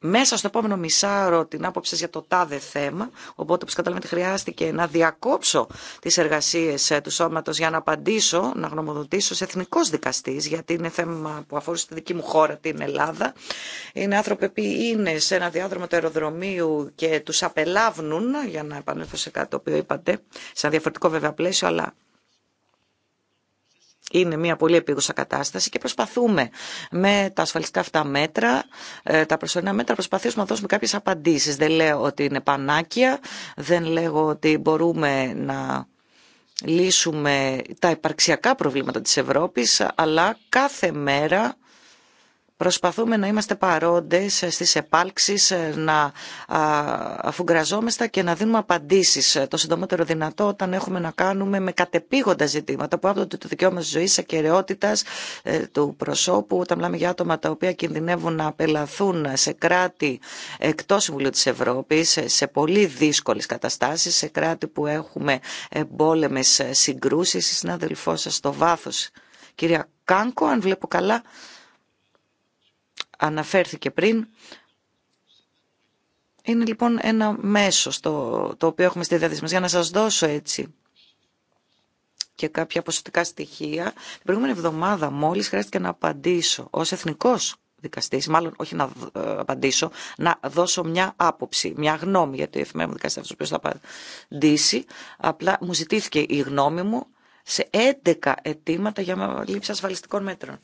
μέσα στο επόμενο μισάρο την άποψη για το τάδε θέμα. Οπότε, όπω καταλαβαίνετε, χρειάστηκε να διακόψω τι εργασίε ε, του σώματος για να απαντήσω, να γνωμοδοτήσω σε εθνικό δικαστή, γιατί είναι θέμα που αφορούσε τη δική μου χώρα, την Ελλάδα. Είναι άνθρωποι που είναι σε ένα διάδρομο του αεροδρομίου και του απελάβνουν, για να επανέλθω σε κάτι το οποίο είπατε, σε ένα διαφορετικό βέβαια πλαίσιο, αλλά είναι μια πολύ επίγουσα κατάσταση και προσπαθούμε με τα ασφαλιστικά αυτά μέτρα, ε, τα προσωρινά μέτρα, προσπαθήσουμε να δώσουμε κάποιες απαντήσεις. Δεν λέω ότι είναι πανάκια, δεν λέω ότι μπορούμε να λύσουμε τα υπαρξιακά προβλήματα της Ευρώπης, αλλά κάθε μέρα Προσπαθούμε να είμαστε παρόντες στις επάλξεις, να αφουγκραζόμεστα και να δίνουμε απαντήσεις το συντομότερο δυνατό όταν έχουμε να κάνουμε με κατεπήγοντα ζητήματα που άπτονται του δικαίωμα της ζωής, ακαιρεότητας ε, του προσώπου, όταν μιλάμε για άτομα τα οποία κινδυνεύουν να απελαθούν σε κράτη εκτός Συμβουλίου της Ευρώπης, σε πολύ δύσκολες καταστάσεις, σε κράτη που έχουμε εμπόλεμες συγκρούσεις. Η συνάδελφό σας στο βάθος, κυρία Κάνκο, αν βλέπω καλά, αναφέρθηκε πριν. Είναι λοιπόν ένα μέσο στο, το οποίο έχουμε στη διάθεση μας. Για να σας δώσω έτσι και κάποια ποσοτικά στοιχεία. Την προηγούμενη εβδομάδα μόλις χρειάστηκε να απαντήσω ως εθνικός δικαστής, μάλλον όχι να ε, απαντήσω, να δώσω μια άποψη, μια γνώμη για το εφημένο δικαστή αυτός που θα απαντήσει. Απλά μου ζητήθηκε η γνώμη μου σε 11 αιτήματα για λήψη ασφαλιστικών μέτρων.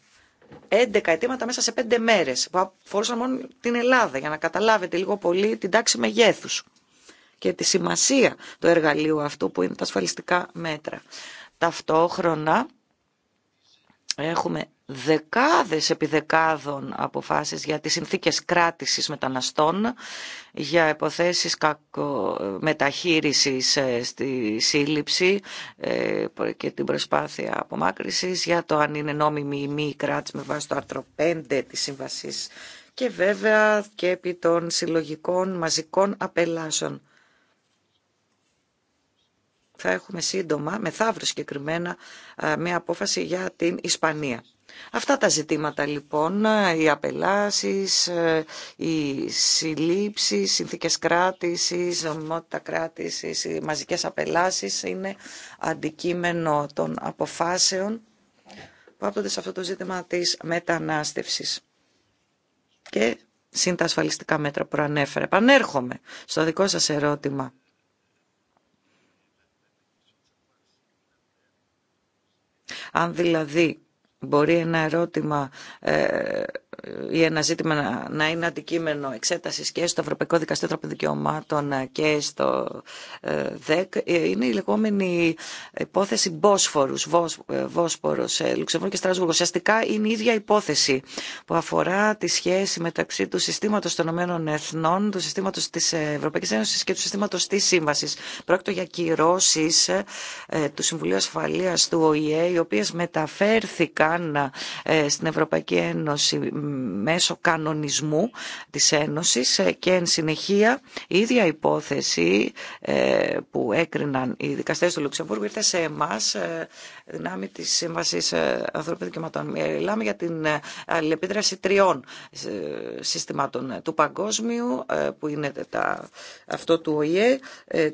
11 αιτήματα μέσα σε 5 μέρες που αφορούσαν μόνο την Ελλάδα για να καταλάβετε λίγο πολύ την τάξη μεγέθους και τη σημασία του εργαλείου αυτού που είναι τα ασφαλιστικά μέτρα. Ταυτόχρονα έχουμε δεκάδες επί δεκάδων αποφάσεις για τις συνθήκες κράτησης μεταναστών, για υποθέσεις ε, μεταχείρισης ε, στη σύλληψη ε, και την προσπάθεια απομάκρυσης, για το αν είναι νόμιμη ή μη κράτηση με βάση το άρθρο 5 της Σύμβασης και βέβαια και επί των συλλογικών μαζικών απελάσεων. Θα έχουμε σύντομα, μεθαύριο συγκεκριμένα, μια απόφαση για την Ισπανία. Αυτά τα ζητήματα λοιπόν, οι απελάσεις, οι συλλήψεις, συνθήκες κράτησης, νομιμότητα κράτησης, οι μαζικές απελάσεις είναι αντικείμενο των αποφάσεων που άπτονται σε αυτό το ζήτημα της μετανάστευσης. Και συν ασφαλιστικά μέτρα που ανέφερε. Πανέρχομαι στο δικό σας ερώτημα. Αν δηλαδή Μπορεί ένα ερώτημα ε, ή ένα ζήτημα να είναι αντικείμενο εξέτασης και στο Ευρωπαϊκό Δικαστήριο Δικαιωμάτων και στο ε, ΔΕΚ ε, είναι η λεγόμενη υπόθεση Μπόσφορου, ε, Βόσπορος, Λουξεμβούργο και Στρασβούργο. Ουσιαστικά είναι η ίδια υπόθεση που αφορά τη σχέση μεταξύ του συστήματος των ΗΕ, Εθνών, του συστήματος της Ευρωπαϊκής Ένωσης και του συστήματος της Σύμβασης. Πρόκειται για κυρώσεις του Συμβουλίου Ασφαλείας του ΟΗΕ, οι οποίε μεταφέρθηκαν στην Ευρωπαϊκή Ένωση μέσω κανονισμού της Ένωσης ε, και εν συνεχεία η ίδια υπόθεση ε, που έκριναν οι δικαστές του Λουξεμβούργου ήρθε σε εμάς ε, δυνάμει της Σύμβασης Ανθρώπινων Δικαιωματών. Μιλάμε για την αλληλεπίδραση τριών συστημάτων του παγκόσμιου που είναι τα, αυτό του ΟΗΕ,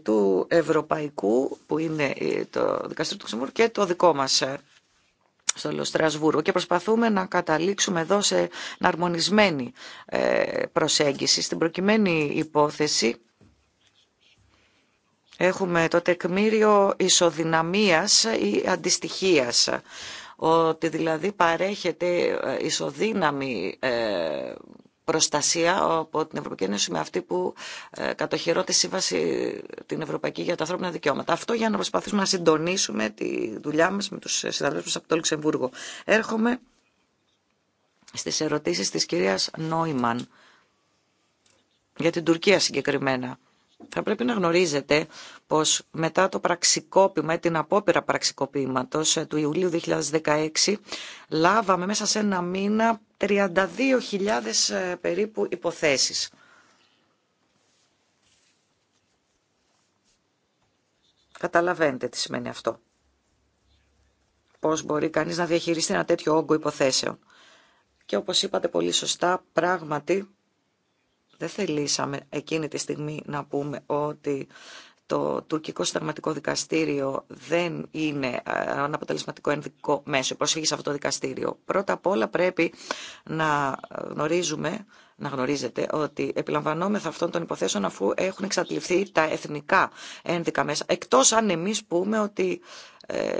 του Ευρωπαϊκού που είναι το Δικαστήριο του Λουξεμβούργου και το δικό μας στο και προσπαθούμε να καταλήξουμε εδώ σε αρμονισμένη ε, προσέγγιση. Στην προκειμένη υπόθεση έχουμε το τεκμήριο ισοδυναμίας ή αντιστοιχίας ότι δηλαδή παρέχεται ε, ισοδύναμη ε, προστασία από την Ευρωπαϊκή Ένωση με αυτή που ε, κατοχυρώ τη Σύμβαση την Ευρωπαϊκή για τα Ανθρώπινα Δικαιώματα. Αυτό για να προσπαθήσουμε να συντονίσουμε τη δουλειά μας με τους συναδέλφους από το Λουξεμβούργο. Έρχομαι στις ερωτήσεις της κυρίας Νόιμαν για την Τουρκία συγκεκριμένα θα πρέπει να γνωρίζετε πως μετά το πραξικόπημα, την απόπειρα πραξικοπήματος ε, του Ιουλίου 2016, λάβαμε μέσα σε ένα μήνα 32.000 ε, περίπου υποθέσεις. Καταλαβαίνετε τι σημαίνει αυτό. Πώς μπορεί κανείς να διαχειριστεί ένα τέτοιο όγκο υποθέσεων. Και όπως είπατε πολύ σωστά, πράγματι δεν θελήσαμε εκείνη τη στιγμή να πούμε ότι το τουρκικό συνταγματικό δικαστήριο δεν είναι ε, ένα αποτελεσματικό ενδικό μέσο προσφύγης σε αυτό το δικαστήριο. Πρώτα απ' όλα πρέπει να ε, γνωρίζουμε, να γνωρίζετε ότι επιλαμβανόμεθα αυτών των υποθέσεων αφού έχουν εξατληφθεί τα εθνικά ένδικα μέσα. Εκτός αν εμείς πούμε ότι ε,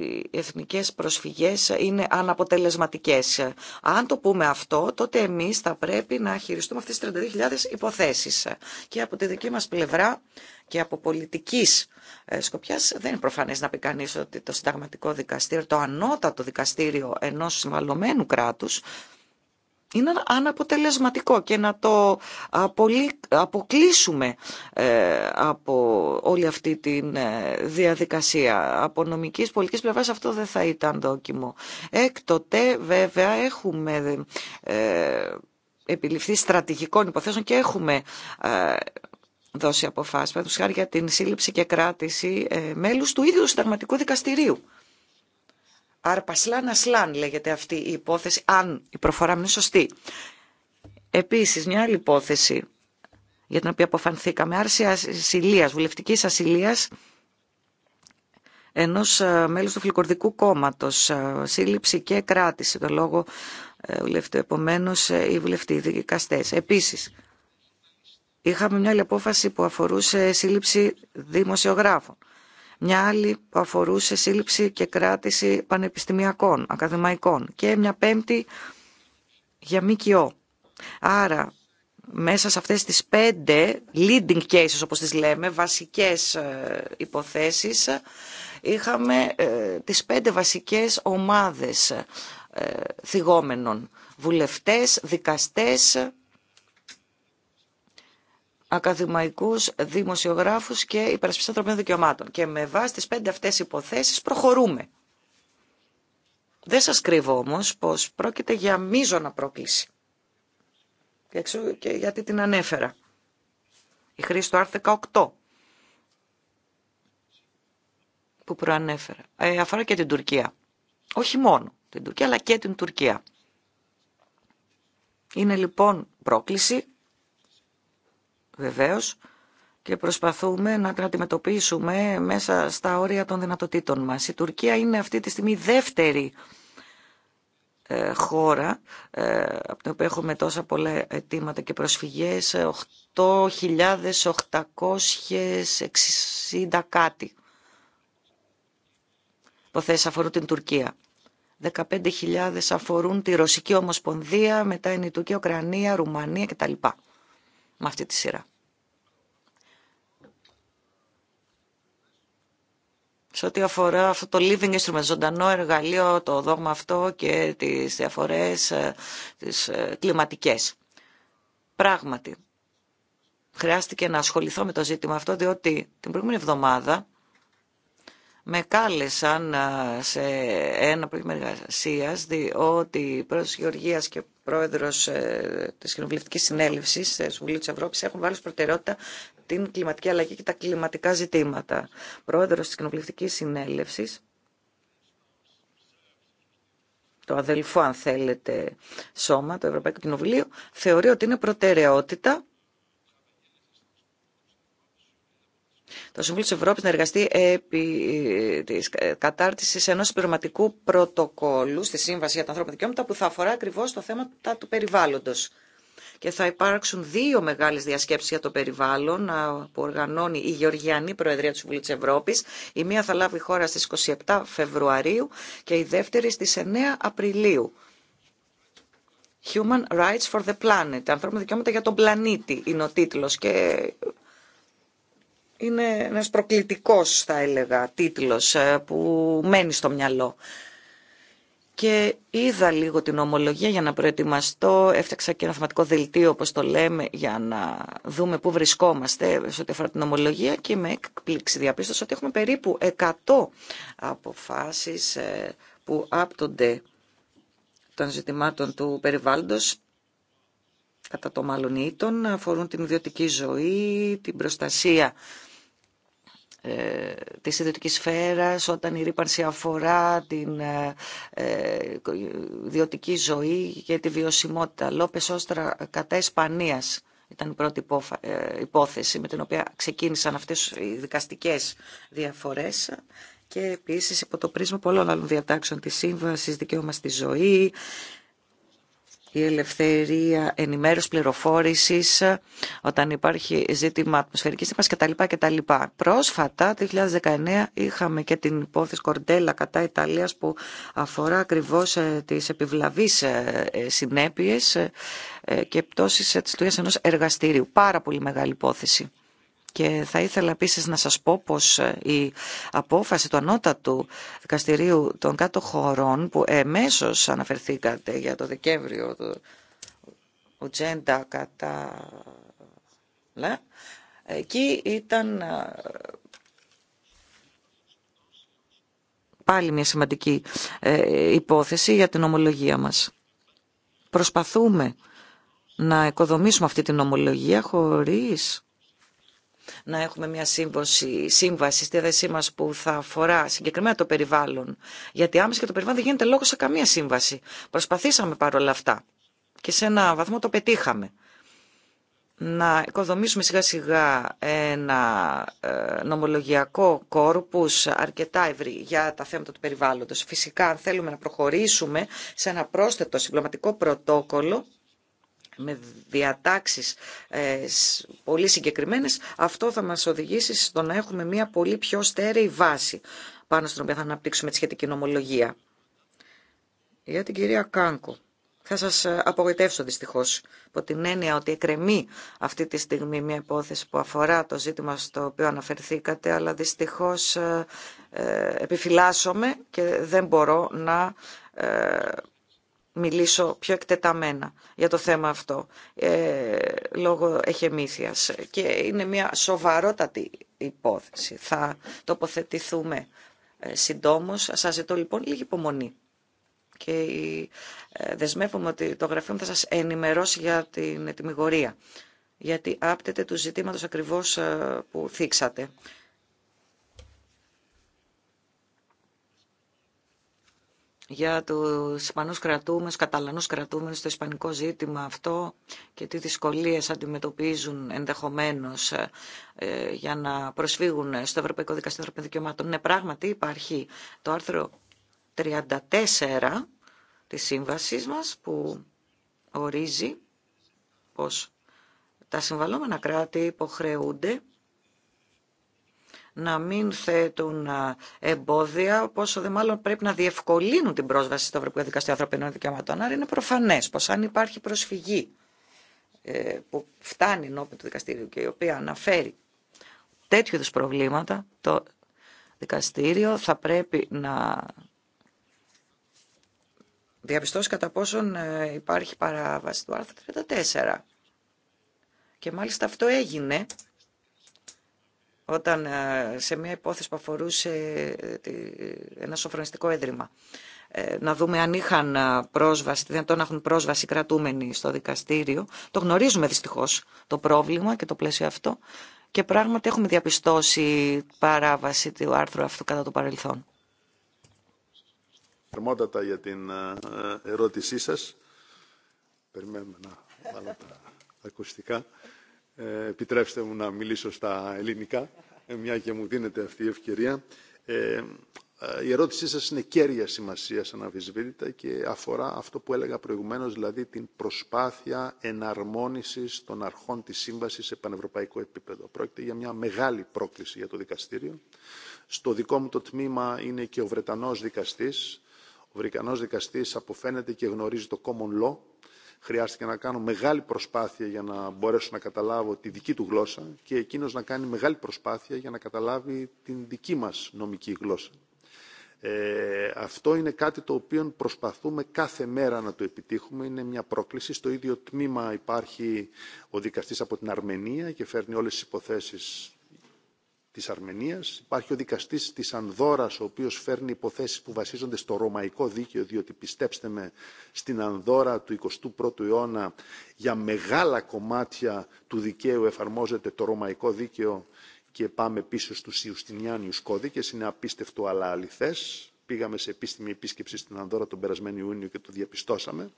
οι εθνικές προσφυγές είναι αναποτελεσματικές. Αν το πούμε αυτό, τότε εμείς θα πρέπει να χειριστούμε αυτές τις 32.000 υποθέσεις. Και από τη δική μας πλευρά και από πολιτικής ε, σκοπιάς δεν είναι προφανές να πει κανείς ότι το συνταγματικό δικαστήριο, το ανώτατο δικαστήριο ενός συμβαλωμένου κράτους, είναι αναποτελεσματικό και να το αποκλείσουμε ε, από όλη αυτή τη ε, διαδικασία. Από νομικής πολιτικής πλευράς αυτό δεν θα ήταν δόκιμο. Έκτοτε βέβαια έχουμε ε, επιληφθεί στρατηγικών υποθέσεων και έχουμε δώσει αποφάσεις, παραδείγματος χάρη για την σύλληψη και κράτηση μέλους του ίδιου συνταγματικού δικαστηρίου. Αρπασλάν Ασλάν λέγεται αυτή η υπόθεση, αν η προφορά μου είναι σωστή. Επίσης, μια άλλη υπόθεση για την οποία αποφανθήκαμε, άρση ασυλίας, βουλευτικής ασυλίας ενός ε, μέλους του φιλικορδικού Κόμματος, ε, σύλληψη και κράτηση, το λόγο ε, βουλευτή, επομένως οι βουλευτοί δικαστές. Επίσης, είχαμε μια άλλη απόφαση που αφορούσε σύλληψη δημοσιογράφων μια άλλη που αφορούσε σύλληψη και κράτηση πανεπιστημιακών, ακαδημαϊκών και μια πέμπτη για ΜΚΟ. Άρα μέσα σε αυτές τις πέντε leading cases όπως τις λέμε, βασικές ε, υποθέσεις, είχαμε ε, τις πέντε βασικές ομάδες ε, θυγόμενων. Βουλευτές, δικαστές, ακαδημαϊκούς δημοσιογράφους και υπερασπιστές ανθρωπίνων δικαιωμάτων. Και με βάση τις πέντε αυτές υποθέσεις προχωρούμε. Δεν σας κρύβω όμως πως πρόκειται για μείζωνα πρόκληση. Και, και γιατί την ανέφερα. Η χρήση του άρθρου 18 που προανέφερα. Ε, αφορά και την Τουρκία. Όχι μόνο την Τουρκία, αλλά και την Τουρκία. Είναι λοιπόν πρόκληση βεβαίως και προσπαθούμε να την αντιμετωπίσουμε μέσα στα όρια των δυνατοτήτων μας. Η Τουρκία είναι αυτή τη στιγμή η δεύτερη ε, χώρα ε, από την οποία έχουμε τόσα πολλά αιτήματα και προσφυγές 8.860 ε, κάτι υποθέσεις αφορούν την Τουρκία 15.000 αφορούν τη Ρωσική Ομοσπονδία μετά είναι η Τουρκία, Ουκρανία, Ρουμανία κτλ με αυτή τη σειρά. σε ό,τι αφορά αυτό το living instrument, ζωντανό εργαλείο, το δόγμα αυτό και τις διαφορές ε, τις ε, κλιματικές. Πράγματι, χρειάστηκε να ασχοληθώ με το ζήτημα αυτό, διότι την προηγούμενη εβδομάδα με κάλεσαν ε, σε ένα πρόγραμμα εργασία, διότι η πρόεδρος Γεωργίας και πρόεδρο ε, τη Κοινοβουλευτική Συνέλευση ε, του Συμβουλίου τη Ευρώπη, έχουν βάλει προτεραιότητα την κλιματική αλλαγή και τα κλιματικά ζητήματα. Πρόεδρο τη Κοινοβουλευτική Συνέλευση, το αδελφό αν θέλετε σώμα, το Ευρωπαϊκό Κοινοβουλίο, θεωρεί ότι είναι προτεραιότητα το Συμβούλιο τη Ευρώπη να εργαστεί επί ε, της κατάρτισης ενός πληρωματικού πρωτοκόλου στη Σύμβαση για τα Ανθρώπινα Δικαιώματα που θα αφορά ακριβώ το θέμα του περιβάλλοντο. Και θα υπάρξουν δύο μεγάλε διασκέψει για το περιβάλλον που οργανώνει η Γεωργιανή Προεδρία του Συμβουλίου τη Ευρώπη. Η μία θα λάβει χώρα στι 27 Φεβρουαρίου και η δεύτερη στι 9 Απριλίου. Human Rights for the Planet, ανθρώπινα δικαιώματα για τον πλανήτη είναι ο τίτλο είναι ένας προκλητικός θα έλεγα τίτλος ε, που μένει στο μυαλό. Και είδα λίγο την ομολογία για να προετοιμαστώ, έφτιαξα και ένα θεματικό δελτίο όπως το λέμε για να δούμε πού βρισκόμαστε σε ό,τι αφορά την ομολογία και με έκπληξη διαπίστωσα ότι έχουμε περίπου 100 αποφάσεις ε, που άπτονται των ζητημάτων του περιβάλλοντος κατά το μάλλον ήτον, αφορούν την ιδιωτική ζωή, την προστασία ε, της ιδιωτικής σφαίρας όταν η ρήπανση αφορά την ε, ε, ιδιωτική ζωή και τη βιωσιμότητα. Λόπες Όστρα κατά Ισπανίας ήταν η πρώτη υπόθεση με την οποία ξεκίνησαν αυτές οι δικαστικές διαφορές και επίσης υπό το πρίσμα πολλών άλλων διατάξεων της Σύμβασης, δικαίωμα στη ζωή, η ελευθερία ενημέρωσης πληροφόρησης όταν υπάρχει ζήτημα ατμοσφαιρικής τύπας κτλ. κτλ. Πρόσφατα, το 2019, είχαμε και την υπόθεση Κορντέλα κατά Ιταλίας που αφορά ακριβώς ε, τις επιβλαβείς ε, ε, συνέπειες και πτώσεις της δουλειάς ενός εργαστήριου. Πάρα πολύ μεγάλη υπόθεση. Και θα ήθελα επίση να σας πω πως ε, η απόφαση του ανώτατου δικαστηρίου των κάτω χωρών που εμέσως αναφερθήκατε για το Δεκέμβριο του Ουτζέντα κατά... Λε, εκεί ήταν ε, πάλι μια σημαντική ε, υπόθεση για την ομολογία μας. Προσπαθούμε να οικοδομήσουμε αυτή την ομολογία χωρίς να έχουμε μια σύμβαση, σύμβαση στη δεσή μα που θα αφορά συγκεκριμένα το περιβάλλον. Γιατί άμεσα και το περιβάλλον δεν γίνεται λόγο σε καμία σύμβαση. Προσπαθήσαμε παρόλα αυτά και σε ένα βαθμό το πετύχαμε. Να οικοδομήσουμε σιγά σιγά ένα ε, νομολογιακό κόρπους αρκετά ευρύ για τα θέματα του περιβάλλοντος. Φυσικά αν θέλουμε να προχωρήσουμε σε ένα πρόσθετο συμπληρωματικό πρωτόκολλο με διατάξεις ε, πολύ συγκεκριμένες, αυτό θα μας οδηγήσει στο να έχουμε μια πολύ πιο στέρεη βάση πάνω στην οποία θα αναπτύξουμε τη σχετική νομολογία. Για την κυρία Κάνκο. Θα σας ε, απογοητεύσω δυστυχώς από την έννοια ότι εκρεμεί αυτή τη στιγμή μια υπόθεση που αφορά το ζήτημα στο οποίο αναφερθήκατε, αλλά δυστυχώς ε, ε επιφυλάσσομαι και δεν μπορώ να μιλήσω πιο εκτεταμένα για το θέμα αυτό, ε, λόγω εχεμήθειας. Και είναι μια σοβαρότατη υπόθεση. Θα τοποθετηθούμε ε, συντόμως. Σας ζητώ λοιπόν λίγη υπομονή. Και ε, δεσμεύομαι ότι το γραφείο μου θα σας ενημερώσει για την ετοιμιγορία. Γιατί άπτεται του ζητήματος ακριβώς ε, που θίξατε. για τους Ισπανούς κρατούμενους, Καταλανούς κρατούμενους το ισπανικό ζήτημα αυτό και τι δυσκολίες αντιμετωπίζουν ενδεχομένως ε, ε, για να προσφύγουν στο Ευρωπαϊκό Δικαστήριο Δικαιωμάτων. Ναι, πράγματι υπάρχει το άρθρο 34 της σύμβασής μας που ορίζει πως τα συμβαλόμενα κράτη υποχρεούνται να μην θέτουν εμπόδια, πόσο δε μάλλον πρέπει να διευκολύνουν την πρόσβαση στο Ευρωπαϊκό Δικαστήριο Ανθρωπίνων Δικαιωμάτων. Άρα είναι προφανέ πω αν υπάρχει προσφυγή ε, που φτάνει ενώπιον του δικαστήριου και η οποία αναφέρει τέτοιου είδου προβλήματα, το δικαστήριο θα πρέπει να διαπιστώσει κατά πόσον ε, υπάρχει παράβαση του άρθρου 34. Και μάλιστα αυτό έγινε όταν ε, σε μια υπόθεση που αφορούσε ε, ένα σοφρονιστικό έδρυμα ε, να δούμε αν είχαν πρόσβαση, τη δυνατόν να έχουν πρόσβαση κρατούμενοι στο δικαστήριο. Το γνωρίζουμε δυστυχώς το πρόβλημα και το πλαίσιο αυτό και πράγματι έχουμε διαπιστώσει παράβαση του άρθρου αυτού κατά το παρελθόν. Θερμότατα για την ερώτησή σας. Περιμένουμε να βάλω τα ακουστικά. Ε, επιτρέψτε μου να μιλήσω στα ελληνικά, ε, μια και μου δίνεται αυτή η ευκαιρία. Ε, η ερώτησή σας είναι κέρια σημασίας αναβεσβήτητα και αφορά αυτό που έλεγα προηγουμένως, δηλαδή την προσπάθεια εναρμόνισης των αρχών της σύμβασης σε πανευρωπαϊκό επίπεδο. Πρόκειται για μια μεγάλη πρόκληση για το δικαστήριο. Στο δικό μου το τμήμα είναι και ο Βρετανός δικαστής. Ο Βρετανός δικαστής αποφαίνεται και γνωρίζει το common law, χρειάστηκε να κάνω μεγάλη προσπάθεια για να μπορέσω να καταλάβω τη δική του γλώσσα και εκείνος να κάνει μεγάλη προσπάθεια για να καταλάβει την δική μας νομική γλώσσα. Ε, αυτό είναι κάτι το οποίο προσπαθούμε κάθε μέρα να το επιτύχουμε. Είναι μια πρόκληση. Στο ίδιο τμήμα υπάρχει ο δικαστής από την Αρμενία και φέρνει όλες τις υποθέσεις της Αρμενίας. Υπάρχει ο δικαστής της Ανδόρας, ο οποίος φέρνει υποθέσεις που βασίζονται στο ρωμαϊκό δίκαιο, διότι πιστέψτε με, στην Ανδόρα του 21ου αιώνα για μεγάλα κομμάτια του δικαίου εφαρμόζεται το ρωμαϊκό δίκαιο και πάμε πίσω στους Ιουστινιάνιου κώδικες. Είναι απίστευτο αλλά αληθές. Πήγαμε σε επίσημη επίσκεψη στην Ανδόρα τον περασμένο Ιούνιο και το διαπιστώσαμε.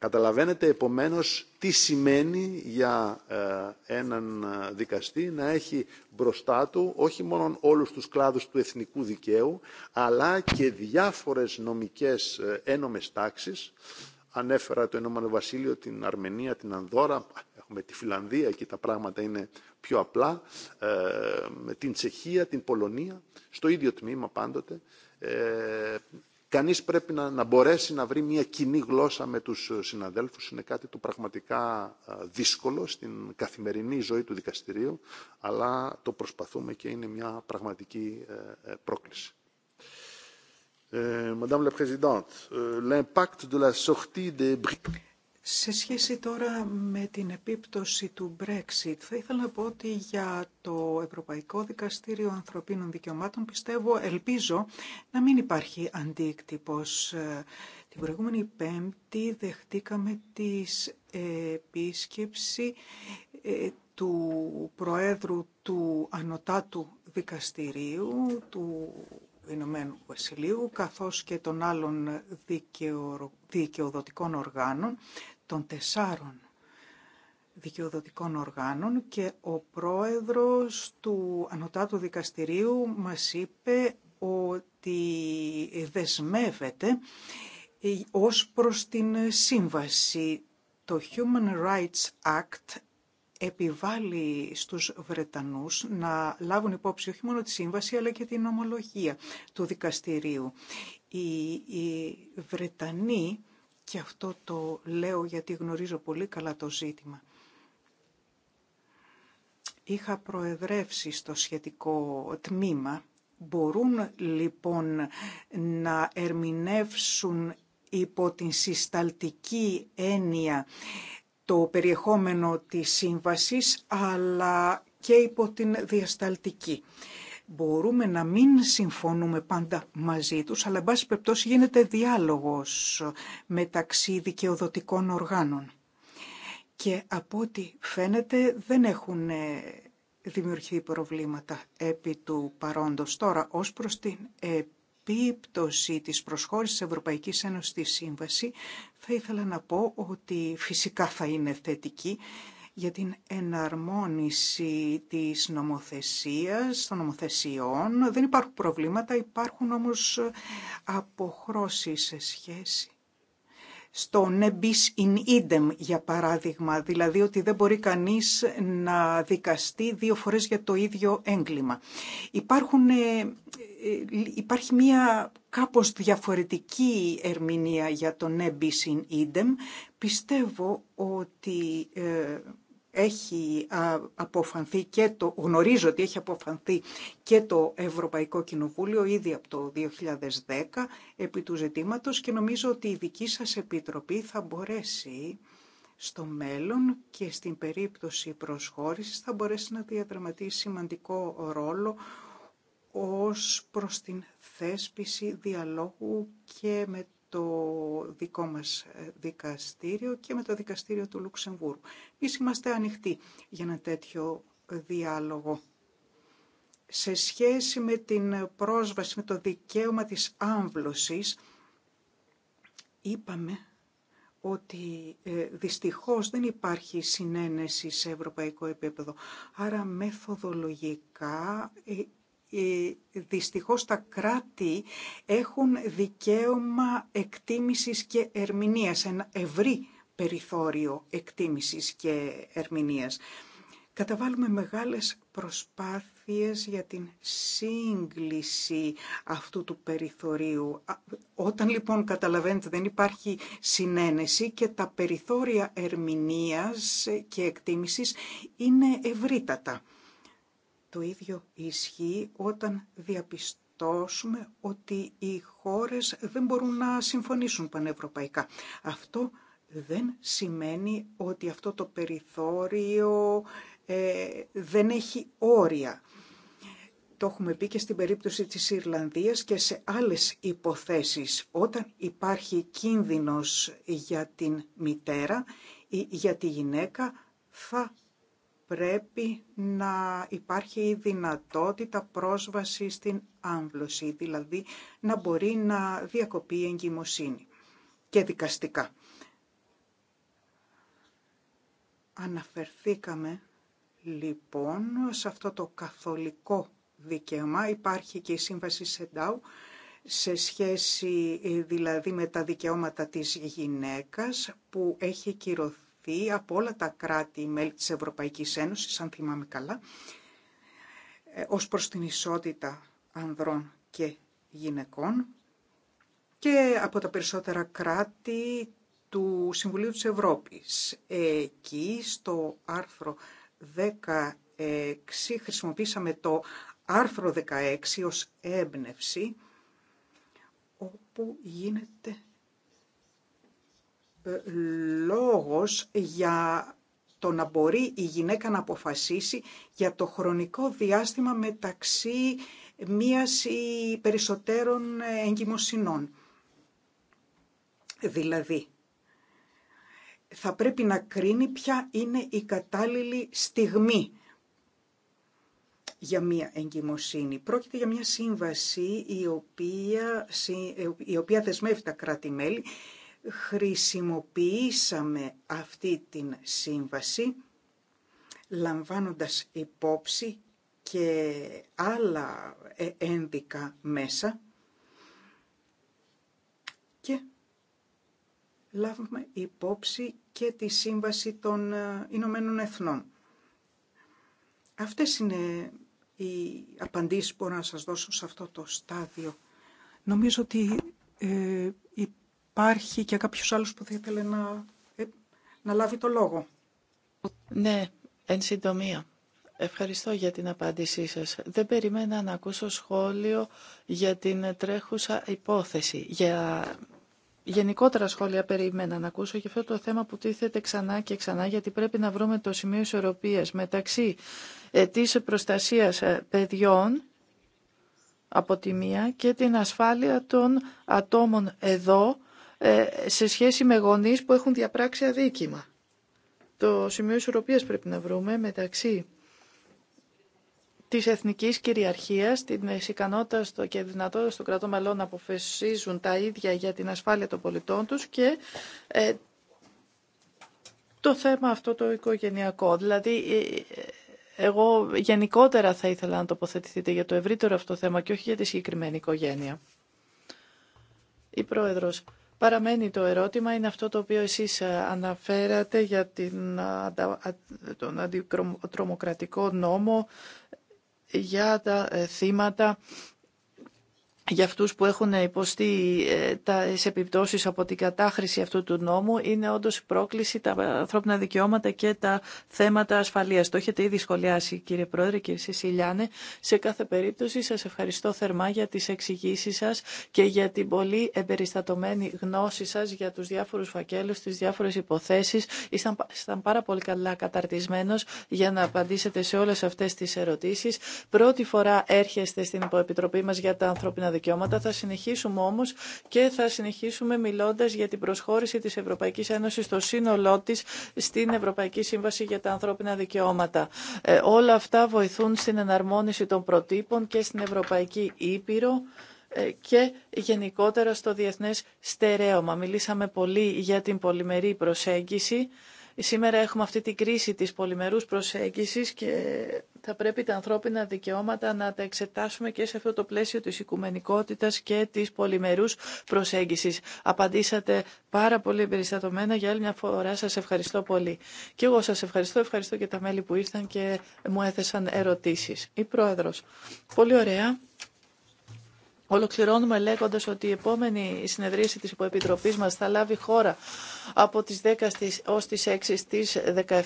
Καταλαβαίνετε επομένως τι σημαίνει για ε, έναν ε, δικαστή να έχει μπροστά του όχι μόνο όλους τους κλάδους του εθνικού δικαίου αλλά και διάφορες νομικές ε, ένομες τάξεις. Ανέφερα το Ενώμανο Βασίλειο, την Αρμενία, την Ανδόρα, έχουμε τη Φιλανδία, εκεί τα πράγματα είναι πιο απλά, την Τσεχία, την Πολωνία, στο ίδιο τμήμα πάντοτε Κανείς πρέπει να, μπορέσει να βρει μια κοινή γλώσσα με τους ε, συναδέλφους. Είναι κάτι το πραγματικά ε, δύσκολο στην καθημερινή ζωή του δικαστηρίου, αλλά το προσπαθούμε και είναι μια πραγματική ε, πρόκληση. Madame la Présidente, l'impact de la sortie des σε σχέση τώρα με την επίπτωση του Brexit, θα ήθελα να πω ότι για το Ευρωπαϊκό Δικαστήριο Ανθρωπίνων Δικαιωμάτων πιστεύω, ελπίζω, να μην υπάρχει αντίκτυπος. Ε, την προηγούμενη Πέμπτη δεχτήκαμε τις επίσκεψη ε, του Προέδρου του Ανωτάτου Δικαστηρίου, του Ηνωμένου Βασιλείου καθώς και των άλλων δικαιοδοτικών οργάνων, των τεσσάρων δικαιοδοτικών οργάνων και ο πρόεδρος του Ανωτάτου Δικαστηρίου μας είπε ότι δεσμεύεται ως προς την σύμβαση. Το Human Rights Act επιβάλλει στους Βρετανούς να λάβουν υπόψη όχι μόνο τη σύμβαση αλλά και την ομολογία του δικαστηρίου. Οι, οι Βρετανοί, και αυτό το λέω γιατί γνωρίζω πολύ καλά το ζήτημα, είχα προεδρεύσει στο σχετικό τμήμα, μπορούν λοιπόν να ερμηνεύσουν υπό την συσταλτική έννοια το περιεχόμενο της σύμβασης, αλλά και υπό την διασταλτική. Μπορούμε να μην συμφωνούμε πάντα μαζί τους, αλλά εν πάση περιπτώσει γίνεται διάλογος μεταξύ δικαιοδοτικών οργάνων. Και από ό,τι φαίνεται δεν έχουν ε, δημιουργηθεί προβλήματα επί του παρόντος. Τώρα, ως προς την επίπτωση της προσχώρησης της Ευρωπαϊκής Ένωσης στη Σύμβαση, θα ήθελα να πω ότι φυσικά θα είναι θετική για την εναρμόνιση της νομοθεσίας, των νομοθεσιών. Δεν υπάρχουν προβλήματα, υπάρχουν όμως αποχρώσεις σε σχέση στο bis in idem για παράδειγμα, δηλαδή ότι δεν μπορεί κανείς να δικαστεί δύο φορές για το ίδιο έγκλημα. Υπάρχουν, ε, ε, υπάρχει μια κάπως διαφορετική ερμηνεία για το bis in idem. Πιστεύω ότι ε, έχει αποφανθεί και το, γνωρίζω ότι έχει αποφανθεί και το Ευρωπαϊκό Κοινοβούλιο ήδη από το 2010 επί του ζητήματος και νομίζω ότι η δική σας Επιτροπή θα μπορέσει στο μέλλον και στην περίπτωση προσχώρησης θα μπορέσει να διαδραματίσει σημαντικό ρόλο ως προς την θέσπιση διαλόγου και με το δικό μας ε, δικαστήριο και με το δικαστήριο του Λουξεμβούρου. Εμεί είμαστε ανοιχτοί για ένα τέτοιο διάλογο. Σε σχέση με την πρόσβαση, με το δικαίωμα της άμβλωσης, είπαμε ότι ε, δυστυχώς δεν υπάρχει συνένεση σε ευρωπαϊκό επίπεδο. Άρα μεθοδολογικά ε, δυστυχώς τα κράτη έχουν δικαίωμα εκτίμησης και ερμηνείας, ένα ευρύ περιθώριο εκτίμησης και ερμηνείας. Καταβάλουμε μεγάλες προσπάθειες για την σύγκληση αυτού του περιθωρίου. Όταν λοιπόν καταλαβαίνετε δεν υπάρχει συνένεση και τα περιθώρια ερμηνείας και εκτίμησης είναι ευρύτατα. Το ίδιο ισχύει όταν διαπιστώσουμε ότι οι χώρες δεν μπορούν να συμφωνήσουν πανευρωπαϊκά. Αυτό δεν σημαίνει ότι αυτό το περιθώριο ε, δεν έχει όρια. Το έχουμε πει και στην περίπτωση της Ιρλανδίας και σε άλλες υποθέσεις. Όταν υπάρχει κίνδυνος για την μητέρα ή για τη γυναίκα θα πρέπει να υπάρχει η δυνατότητα πρόσβαση στην άμβλωση, δηλαδή να μπορεί να διακοπεί η εγκυμοσύνη και δικαστικά. Αναφερθήκαμε λοιπόν σε αυτό το καθολικό δικαίωμα. Υπάρχει και η σύμβαση Σεντάου σε σχέση ε, δηλαδή με τα δικαιώματα της γυναίκας που έχει κυρωθεί από όλα τα κράτη-μέλη της Ευρωπαϊκής Ένωσης, αν θυμάμαι καλά, ε, ως προς την ισότητα ανδρών και γυναικών και από τα περισσότερα κράτη του Συμβουλίου της Ευρώπης. Εκεί στο άρθρο 16 χρησιμοποίησαμε το άρθρο 16 ως έμπνευση όπου γίνεται ε, λόγος για το να μπορεί η γυναίκα να αποφασίσει για το χρονικό διάστημα μεταξύ μίας ή περισσότερων εγκυμοσυνών. Δηλαδή, θα πρέπει να κρίνει ποια είναι η κατάλληλη στιγμή για μία εγκυμοσύνη. Πρόκειται για μια σύμβαση η οποία, η οποία δεσμεύει τα κράτη-μέλη χρησιμοποιήσαμε αυτή την σύμβαση λαμβάνοντας υπόψη και άλλα ε, ένδικα μέσα και λάβουμε υπόψη και τη σύμβαση των ε, Ηνωμένων Εθνών. Αυτές είναι οι απαντήσεις που μπορώ να σας δώσω σε αυτό το στάδιο. Νομίζω ότι ε, υπάρχει και κάποιο άλλο που θα ήθελε να, ε, να λάβει το λόγο. Ναι, εν συντομία. Ευχαριστώ για την απάντησή σας. Δεν περιμένα να ακούσω σχόλιο για την τρέχουσα υπόθεση. Για γενικότερα σχόλια περιμένα να ακούσω για αυτό το θέμα που τίθεται ξανά και ξανά, γιατί πρέπει να βρούμε το σημείο ισορροπίας μεταξύ ε, της προστασίας ε, παιδιών από τη μία και την ασφάλεια των ατόμων εδώ ε, σε σχέση με γονεί που έχουν διαπράξει αδίκημα. Το σημείο ισορροπίας πρέπει να βρούμε μεταξύ της εθνικής κυριαρχίας, την ικανότητα και δυνατότητα των κρατών μελών να αποφασίζουν τα ίδια για την ασφάλεια των πολιτών τους και ε, το θέμα αυτό το οικογενειακό. Δηλαδή, ε, εγώ γενικότερα θα ήθελα να τοποθετηθείτε για το ευρύτερο αυτό θέμα και όχι για τη συγκεκριμένη οικογένεια. Η Πρόεδρος, Παραμένει το ερώτημα, είναι αυτό το οποίο εσείς ε, αναφέρατε για την, τον αντιτρομοκρατικό νόμο για τα ε, θύματα για αυτούς που έχουν υποστεί ε, τα επιπτώσεις από την κατάχρηση αυτού του νόμου είναι όντως η πρόκληση τα ανθρώπινα δικαιώματα και τα θέματα ασφαλείας. Το έχετε ήδη σχολιάσει κύριε Πρόεδρε, και κύριε Σιλιάνε. Σε κάθε περίπτωση σας ευχαριστώ θερμά για τις εξηγήσεις σας και για την πολύ εμπεριστατωμένη γνώση σας για τους διάφορους φακέλους, τις διάφορες υποθέσεις. Ήσταν πάρα πολύ καλά καταρτισμένος για να απαντήσετε σε όλες αυτές τις ερωτήσεις. Πρώτη φορά έρχεστε στην Επιτροπή μας για τα ανθρώπινα δικαιώματα δικαιώματα. Θα συνεχίσουμε όμως και θα συνεχίσουμε μιλώντας για την προσχώρηση της Ευρωπαϊκής Ένωση στο σύνολό τη στην Ευρωπαϊκή Σύμβαση για τα Ανθρώπινα Δικαιώματα. Ε, όλα αυτά βοηθούν στην εναρμόνιση των προτύπων και στην Ευρωπαϊκή Ήπειρο ε, και γενικότερα στο διεθνές στερέωμα. Μιλήσαμε πολύ για την πολυμερή προσέγγιση. Σήμερα έχουμε αυτή την κρίση της πολυμερούς προσέγγισης και θα πρέπει τα ανθρώπινα δικαιώματα να τα εξετάσουμε και σε αυτό το πλαίσιο της οικουμενικότητας και της πολυμερούς προσέγγισης. Απαντήσατε πάρα πολύ περιστατωμένα. Για άλλη μια φορά σας ευχαριστώ πολύ. Και εγώ σας ευχαριστώ. Ευχαριστώ και τα μέλη που ήρθαν και μου έθεσαν ερωτήσεις. Η Πρόεδρος. Πολύ ωραία. Ολοκληρώνουμε λέγοντας ότι η επόμενη συνεδρίαση της υποεπιτροπής μας θα λάβει χώρα από τις 10 ως τις 6 στις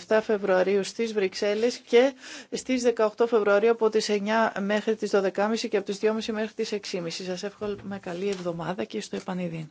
17 Φεβρουαρίου στις Βρυξέλλες και στις 18 Φεβρουαρίου από τις 9 μέχρι τις 12.30 και από τις 2.30 μέχρι τις 6.30. Σας εύχομαι καλή εβδομάδα και στο επανειδήν.